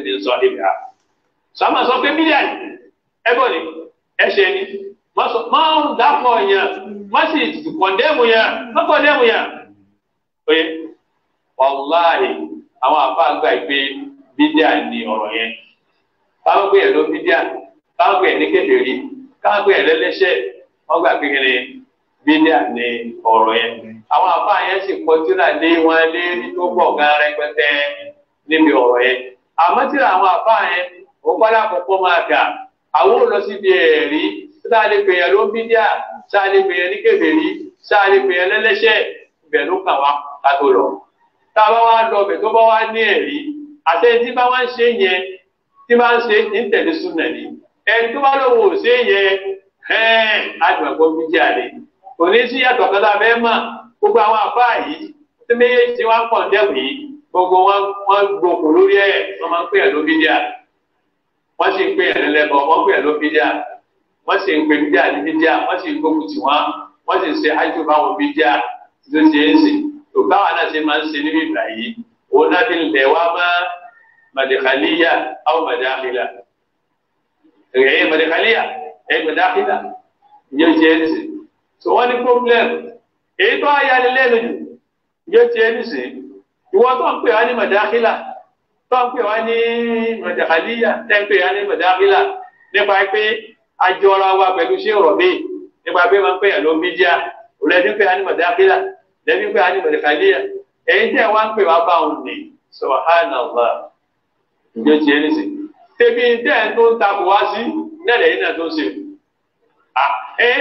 yín yìí sọ́mà sọ pé mílíọ̀nù ẹ̀bọ̀n ni ẹ̀ṣẹ̀ ni máa ń dàpọ̀ yẹn má sì kọ̀ndẹ́mù yẹn má kọ̀ndẹ́mù yẹn. pé wàláhì àwọn àfáàgbà ìpè ni ọ̀rọ̀ yẹn káwọn ẹ̀ ló bídíà káwọn ẹ̀ ní kékeré káwọn ẹ̀ lẹ́lẹ́ṣẹ̀ wọ́n gbà pé ni ọ̀rọ̀ yẹn àwọn sì kọ wọn ní àwọn ó gbọ́dọ̀ àkọ́kọ́ máa dà àwọn ò lọ síbi ẹ̀rí sáà lè pèèyàn ló ń bí díà sáà lè pèèyàn ní kèfèrí sáà lè pèèyàn lẹ́lẹ́ṣẹ̀ ibẹ̀ kà wá ká tó lọ. tá a bá wá lọ ọbẹ̀ tó bá wá ní ẹ̀rí àtẹ̀yìn tí bá wá ń ṣe yẹn tí bá ń ṣe ń tẹ̀lé súnà ni ẹni tó bá lòun ò ṣe yẹn ẹ̀ẹ́n àgbàgbọ́ bí díà ni kò ní sí yàtọ̀ kan tá a fẹ́ mọ̀ gbogbo àwọn àbá yìí tí méjèèjì wá pọ̀ dẹ́kun yìí gbogbo wọn gbòkò lórí ẹ̀ wọ́n máa ń pè é lóbi díà wọ́n sì ń pè ẹ̀rín lẹ́bọ̀ wọ́n pè ẹ̀ ló bídíà wọ́n sì ń pè bídíà ní bídíà wọ́n sì ń gbógun tì wọ́n wọ́n sì ń ṣe ájú báwọn bídíà ló ṣe é sè tó báwa náà ṣe máa ń ṣe níbi ìgbà yìí òun náà fi lẹ̀ wá mọ́ màdìkàlíyà àwọn màdàkìlà ẹ̀yẹ màdìkàlíyà ẹ̀yẹ yóò ṣe é sè tó wọ́n ní problem èyí tó ayálẹ́lẹ́nu yóò ṣe é sè ìwọ́n tó ń tọ́pẹ́ wa ní mọ̀jàkàlíyà tẹ́pẹ́ wa ní mọ̀jàkàlíyà nípa pé ajọra wa pẹ̀lú ṣé ọ̀rọ̀ mi nípa pé máa ń pè yàn ló ń bí díà òlẹ́bí pé wa ní mọ̀jàkàlíyà lẹ́bí pé wa ní mọ̀jàkàlíyà èyí tẹ́ wa ń pè wá bá òun ní subhanallah ìjọ tiẹ̀ ní sè tẹ́bi tẹ́ ẹ̀ tó ń takò wá sí nẹ́lẹ̀ yìí náà tó ń sè ẹ̀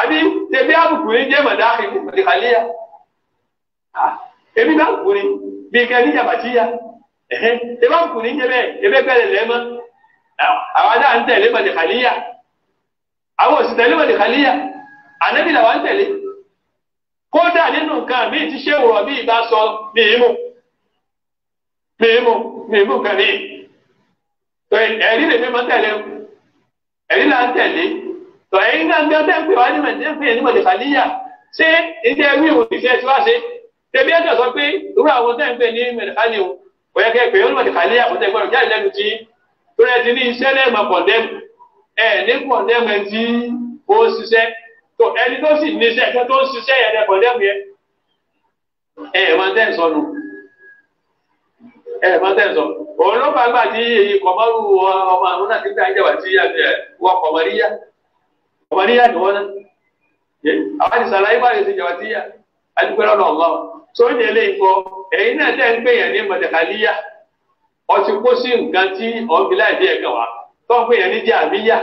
àbí tẹ́bi àbùkù ní jẹ́ mọ̀jàkàlíyà èmi náà kù ní bí kẹ́ ẹbá kù ní jẹ bẹ́ẹ̀ ẹbẹ bẹ̀rẹ̀ lẹẹmọ àwọn náà ń tẹ̀lé mọdé kàlíyà àwọn òsì tẹ̀lé mọdé kàlíyà ànábì làwọn ń tẹ̀lé kódà nínú nǹkan mi ti ṣe wùrọ bí ìbá sọ mi mú mi mú mi mú nǹkan mi ẹ̀rí lèmi máa tẹ̀lé ẹ̀rí là ń tẹ̀lé tọ ẹ̀yin náà ń gbé ọtẹ pé wàá ní mọdé pé ní mọdé kàlíyà ṣé ìdí ẹ̀rí ìwòsí ẹ ti wá ṣe tẹbi ẹjọ́ sọ pé irú àwọn tẹ ń pè ní mẹdẹkálí o kò yẹ kẹ́ pé ó lòdì kàlẹ́ àkótẹ́ gbọ́dọ̀ jáde lẹ́nu tí torí ẹ ti ní iṣẹ́ lẹ́ẹ̀mọ̀ kọ̀ndẹ́mù ẹ ní kọ̀ndẹ́mù ẹ ti ó ṣiṣẹ́ tó ẹni tó sì ní iṣẹ́ tó ń ṣiṣẹ́ yẹn lẹ́ kọ̀ndẹ́mù yẹn ẹ ẹ̀ máa tẹ̀ sọnù ẹ ẹ̀ máa tẹ̀ sọ òun ló bá gbà tí èyí kọ̀mọ́rù ọmọ àwọn náà ti gbà jẹ́wà tí wọ́n kọ̀mọ́ríyá kọ̀mọ́ríyá ni wọ́n náà àwọn ti sàlàyé bá sóyún ilé ìkọ ẹ̀yin náà tẹ́ ń gbé yẹn ní mọ̀tẹ̀kàlíyà ọtí kó sí nǹkan tí ọ̀nbílà ìdí ẹ̀kan wá tó ń gbé yẹn ní jẹ́ àmíyá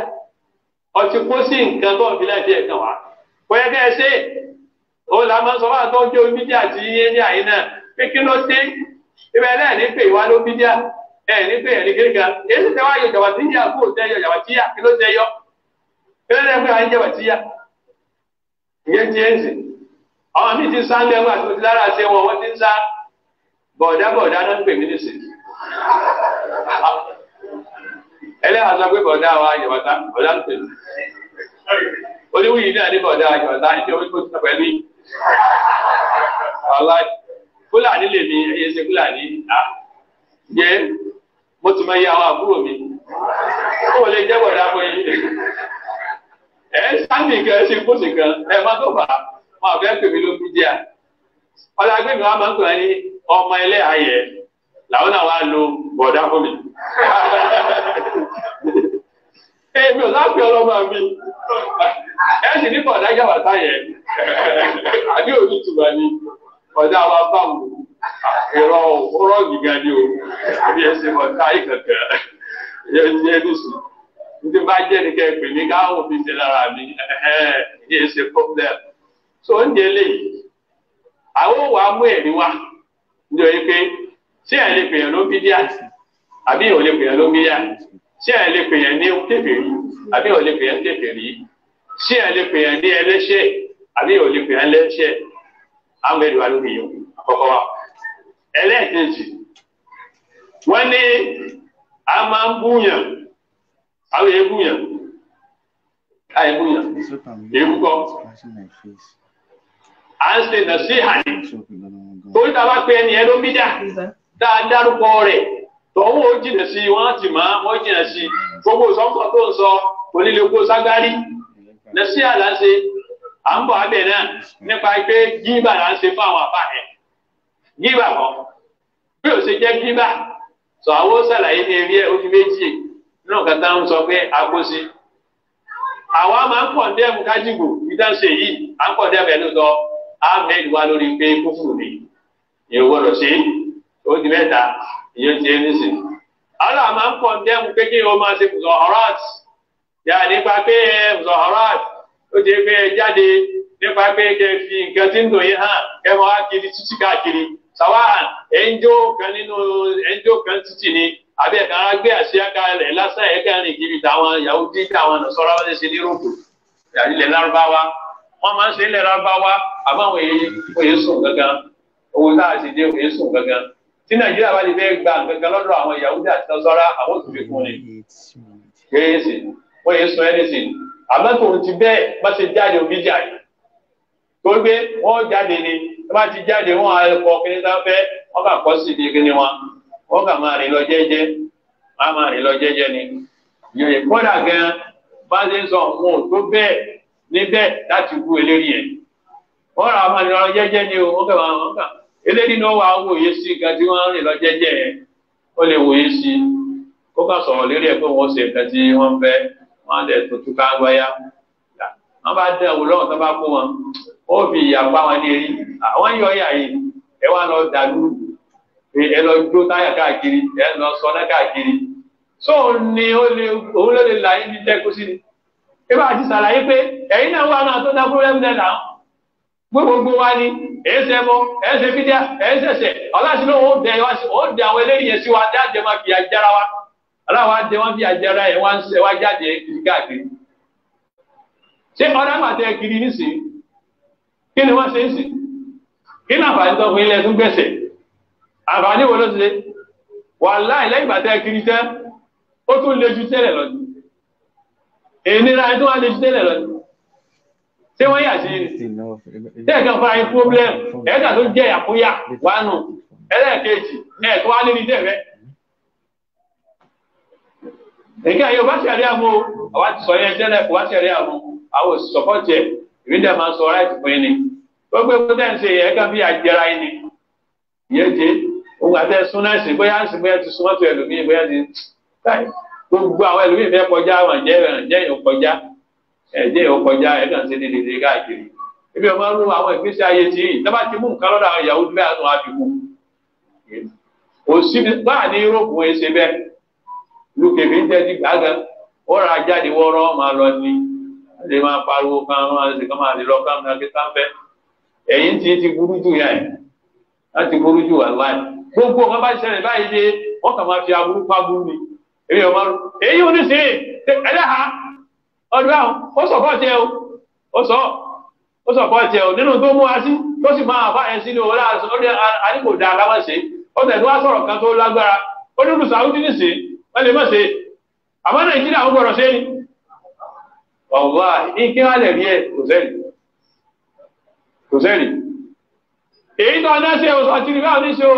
ọtí kó sí nǹkan tó ọ̀nbílà ìdí ẹ̀kan wá bóyá kẹ́ ẹ ṣe òun là máa ń sọ fún àtọ́ ojú omidia àti iye ní àyín náà pé kí ló dé ibẹ̀ náà ní pé ìwà lómidia ẹ̀ ní pé ẹ̀ ní kíríkà èyí tẹ́ wá yọ jàwá kó tẹ́ tẹ́ yọ àwọn míì ti sá ń lẹ́wọ̀n àti lára ṣe wọn wọ́n ti ń sá bọ̀dá bọ̀dá náà ń pè mí nísìn. sọ pé bọ̀dá wa yọ̀bọ̀dá bọ̀dá ń pè mí. oníwìyí náà ní bọ̀dá yọ̀bọ̀dá pẹ̀lú yìí. fúlàní lè mi ẹyẹ ṣe fúlàní yẹ mo máa yẹ àwọn àbúrò mi kó ma àgbẹ̀ pè mí ló bí dị ọlá agbẹ́mi wa máa ń pè wọ́n ọmọ ayẹ làwọn náà èmi ò mi ẹ sì ní yà wà àbí tùbà ni wa bá wù ìrọ̀ òrọ̀ gíga ni o àbí ẹ ṣe bọ̀dá ayé kankan ẹ ní ẹni sùn ní bá jẹ́ káwọn ṣe lára mi ẹ ẹ ṣe so oúnjẹ eléyìí àwọn òwò amú ẹ̀rí wá ní ọ̀yẹ́ pé ṣé ẹ̀ lè pèèyàn si ń bídí àti àbí ò lè pèèyàn ló ń bídí àti ṣé ẹ̀ lè pèèyàn ní kèfèrí àbí ò lè pèèyàn kèfèrí ṣé ẹ̀ lè à ń ṣe nàṣíhà torí tá a bá pe ẹni ẹ ló bí dà tá a dárúkọ rẹ̀ tọ́wọ́ ó jìnà sí i wọ́n ti mọ̀ wọ́n jìnà sí i gbogbo sọ́kọ̀ tó ń sọ onílẹ̀kọ ságárí nàṣíhà là ń ṣe à ń bọ̀ abẹ náà nípa pé gíbà là ń ṣe fún àwọn àbá yẹn gíbà kan bí ó ṣe jẹ́ gíbà sọ àwọn sàlàyé ní eré ojú méjì náà kàtà ń sọ pé àkóso àwa máa ń pọ̀ dẹ́mu kájìgbò ìdánsẹ̀ yìí à ń pọ̀ ahmed wa lórí pé kúkúrú ni ìyẹn gbọ́dọ̀ ṣe ó di mẹ́ta ìyẹn ti ẹni sìn. ọlọ́ àmọ́ ń ma dẹ́mu pé kí o máa ṣe mùsọ̀ ọ̀rọ̀t yàrá nípa pé mùsọ̀ ó ti pé jáde nípa pé kẹ́ fi nǹkan tí ń dùn yín hàn kẹ́ mọ́ wá kiri títí káàkiri kan nínú kan títì ni àbí gbé àṣẹ lásán rìn kiri táwọn táwọn wọn ṣe ní rògbò ilẹ̀ lárúbáwá wọ́n máa ń ṣe ilẹ̀ lágbáwá àbáwọn èyí sùn gangan owó tá a dé èyí sùn gangan tí nàìjíríà bá ti gba gangan lọ́dọ̀ àwọn Yahudi àti àwọn tó fi kún ni wọ́n èyí sùn ẹni sìn àmọ́ tòun ti bẹ́ẹ̀ bá jáde òbí jáde torí pé ni jáde wọ́n á kí ní sáfẹ́ wọ́n kà kọ́ sí ibi kí ni wọn wọ́n kà máa ni níbẹ̀ láti wú eléri yẹn wọ́n ra a, àlọ́ jẹ́jẹ́ ni o wọ́n wọn kà eléri náà wà wòye sí tí wọ́n rìn lọ jẹ́jẹ́ yẹn ó lè sí kó kà sọ̀rọ̀ lérí ẹ̀ pé wọ́n ṣe nǹkan tí wọ́n fẹ́ wọn lẹ̀ tuntun ká bá tó bá kó wọn ó fi pa wọn ní àwọn yọ yìí ẹ wá lọ dàlú ẹ lọ dó táyà káàkiri ẹ lọ sọ náà káàkiri sóun ni ó lè òun ló lè ibà ti ṣàlàyé pé ẹ̀yin náà wà náà tó dá problem dẹ̀ náà gbogbogbò wa ni èéṣe bọ èéṣe fídíà dẹ dẹ àwọn eléyìí yẹn sí wa máa fi àjára wa aláwa wọn fi àjára yẹn wá ń ṣe wá jáde kiri káàkiri ṣé kí ni ṣe ń sìn kí ni tó fún ilẹ̀ wo ló ṣe wà lẹ́yìn tẹ́ ó tún ju tẹ́lẹ̀ lọ́dún. ìnira ẹni tó wá lè délẹ̀ lọ ṣé wọ́n yà sí tẹ́ẹ̀kan fara yín problem ẹ̀ẹ́dà tó jẹ́ àkóyà wánu ẹlẹ́ẹ̀kejì ẹ̀ tó wá lé ní dẹ̀rẹ́ èké ayé wá sẹ̀rí àmọ́ àwa ti sọ yẹn tẹ́lẹ̀ wá sẹ̀rí àmọ́ àwọn sọ̀pọ̀tì ẹ̀ èmi dẹ̀ máa sọ ọ̀rá ìtìpín ni gbogbo ewu tẹ̀ ń ṣe yẹ ká bí àjẹrà yín ni yẹ ti òun àti ẹ̀sùn náà sì bóyá sì bóyá ti súnmọ́ tó ẹlòmíì bóyá ti gbogbo àwọn ẹlòmíì fẹ́ kọjá àwọn ǹjẹ́ ǹjẹ́ yóò kọjá ẹ̀jẹ̀ yóò kọjá ẹ̀ kàn sí ní dídí káàkiri ebi ọmọ ń lo àwọn ìgbésí ayé tí yìí tábà ti mú nǹkan lọ́dọ̀ àwọn ìyàwó bẹ́ẹ̀ àtúnwá fi mú òsì báà ní yúróòpù wọn ṣe bẹ́ẹ̀ lùkè ó ra jáde máa lọ ní lè máa pariwo kan máa lè lọ èmi ò márùn èyí ò ní sí ẹlẹ́hà ọdún àwọn ó sọ fọ́ tiẹ̀ o ó sọ ó sọ fọ́ tiẹ̀ o nínú tó mú wa sí tó sì máa bá sí ni òwúrọ̀ àti ọdún àdìgbò dáa láwọn ṣe ó tẹ̀sí wá sọ̀rọ̀ kan tó lágbára ó ní olùsọ àwọn tìǹsì wọ́n lè má ṣe àmọ́ nàìjíríà ó gbọ́dọ̀ ṣe ní kí lè rí kò sẹ́ni kò sẹ́ni èyí tó ṣe o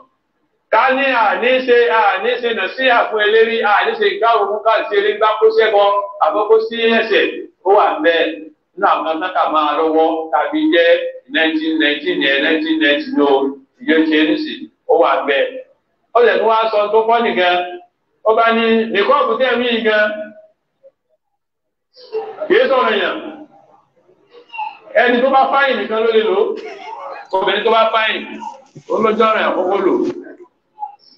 ká ní àníṣe a nà sí àfún eléri àníṣe a fún káàsì eré gbá kó sẹ́kọ̀ọ́ àkọ́kọ́ sí ẹsẹ̀ ó wà bẹ́ẹ̀ nínú àwọn akáka máa tàbí nineteen nineteen yẹn o ìjọ ti ẹni ó wà bẹ́ẹ̀. ó lè tún wá sọ tó nìkan ó bá ní òkúté mi gan kìí sọ̀rọ̀ yàn ẹni tó bá fáyìn nìkan ló lè lò obìnrin tó bá fáyìn ó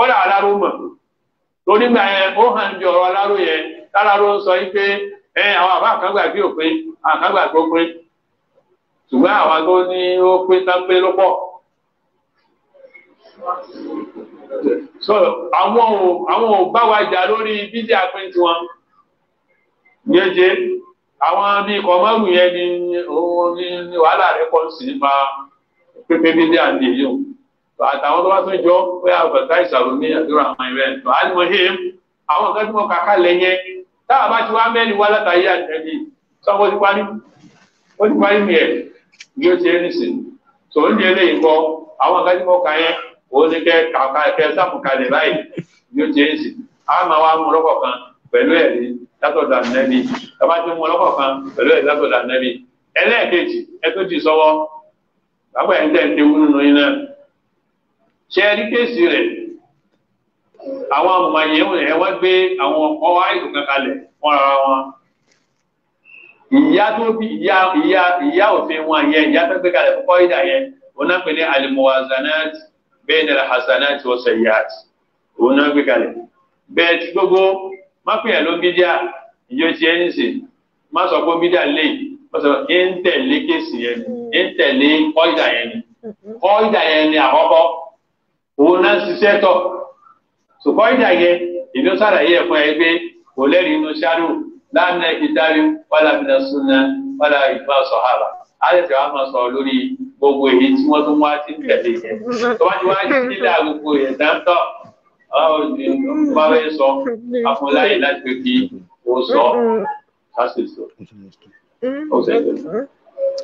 kọ́dà aláró mọ̀ torí gbà yẹn ó hàn bí ọ̀rọ̀ aláró yẹn táláró ń sọ pé ẹ àwọn àbá àkàngbà bí òpin àkàngbà tó pin ṣùgbọ́n àwọn tó ní ó pin tán ló pọ̀ so àwọn ò àwọn ò bá wa jà lórí bídí àpín tiwọn yẹn jẹ àwọn bíi kọmọrù àtàwọn tó bá tún jọ pé àbẹ̀tà ìṣàlù ní àdúrà àwọn ìwẹ̀ tó á ṣe àwọn nǹkan tí mo kà kalẹ̀ yẹn táwa bá ti wá mẹ́rin wá látàrí àtẹ̀lé sọ́kò ti parí ó ti parí mi ẹ̀ bí ó ti rí nìsín tòun ní eléyìí àwọn nǹkan tí kà yẹn òun ni kẹ kàkà kẹ sàmùkalẹ̀ báyìí bí ó ti rí nìsín á máa wá kan pẹ̀lú ṣe rí kéèsì rẹ̀ àwọn amòmọ̀yẹ̀ ẹ̀ wọ́n gbé àwọn àìsàn kalẹ̀ wọ́n rárá wọn. ìyá tó bí ìyá ìyá ìyá òfin wọn yẹn ìyá tó gbé kalẹ̀ fún kọ́ídà yẹn wọn náà pè ní gbé bẹ́ẹ̀ tí gbogbo má pè é ló bídíà ń sè má sọ pé bídíà lè má sọ pé ń tẹ̀lé yẹn òun náà ṣiṣẹ́ tọ̀ ṣùgbọ́n ìdá yẹn ìlú sàlàyé ẹ̀kọ́ ẹ gbé kò lẹ́rìí inú ṣáàrù lánà ìdárí wàlà mìíràn súnà wàlà ìgbà sọ̀hárà àtẹ̀tẹ̀ wa máa sọ̀rọ̀ lórí gbogbo èyí tí wọ́n tún wá sí tẹ̀lé yẹn tó wá ní wá sí nílẹ̀ gbogbo yẹn dáńtọ̀ ọ̀hún ni bá fẹ́ sọ àfọláyé láti pé kí o sọ sásìsọ.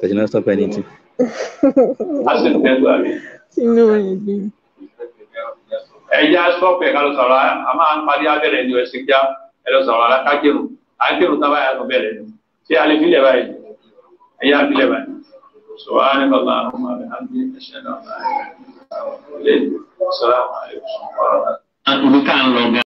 Ẹ̀jẹ̀ náà sọ pé ẹni tí. Sásìsọ pẹ̀lú àmì. Sínú ìgbín ẹ̀yà sọ́ọ̀pù ẹ̀ka lọ sọ̀rọ̀ a máa ń parí abẹ́rẹ́ ní ẹ̀sìn já ẹ lọ sọ̀rọ̀ ara kájẹ̀rù àjẹ̀rù tábà yà tó bẹ̀rẹ̀ ṣé a lè filẹ̀ báyìí ẹ̀yà filẹ̀ báyìí سبحانك اللهم وبحمدك اشهد ان لا اله الا انت استغفرك واتوب اليك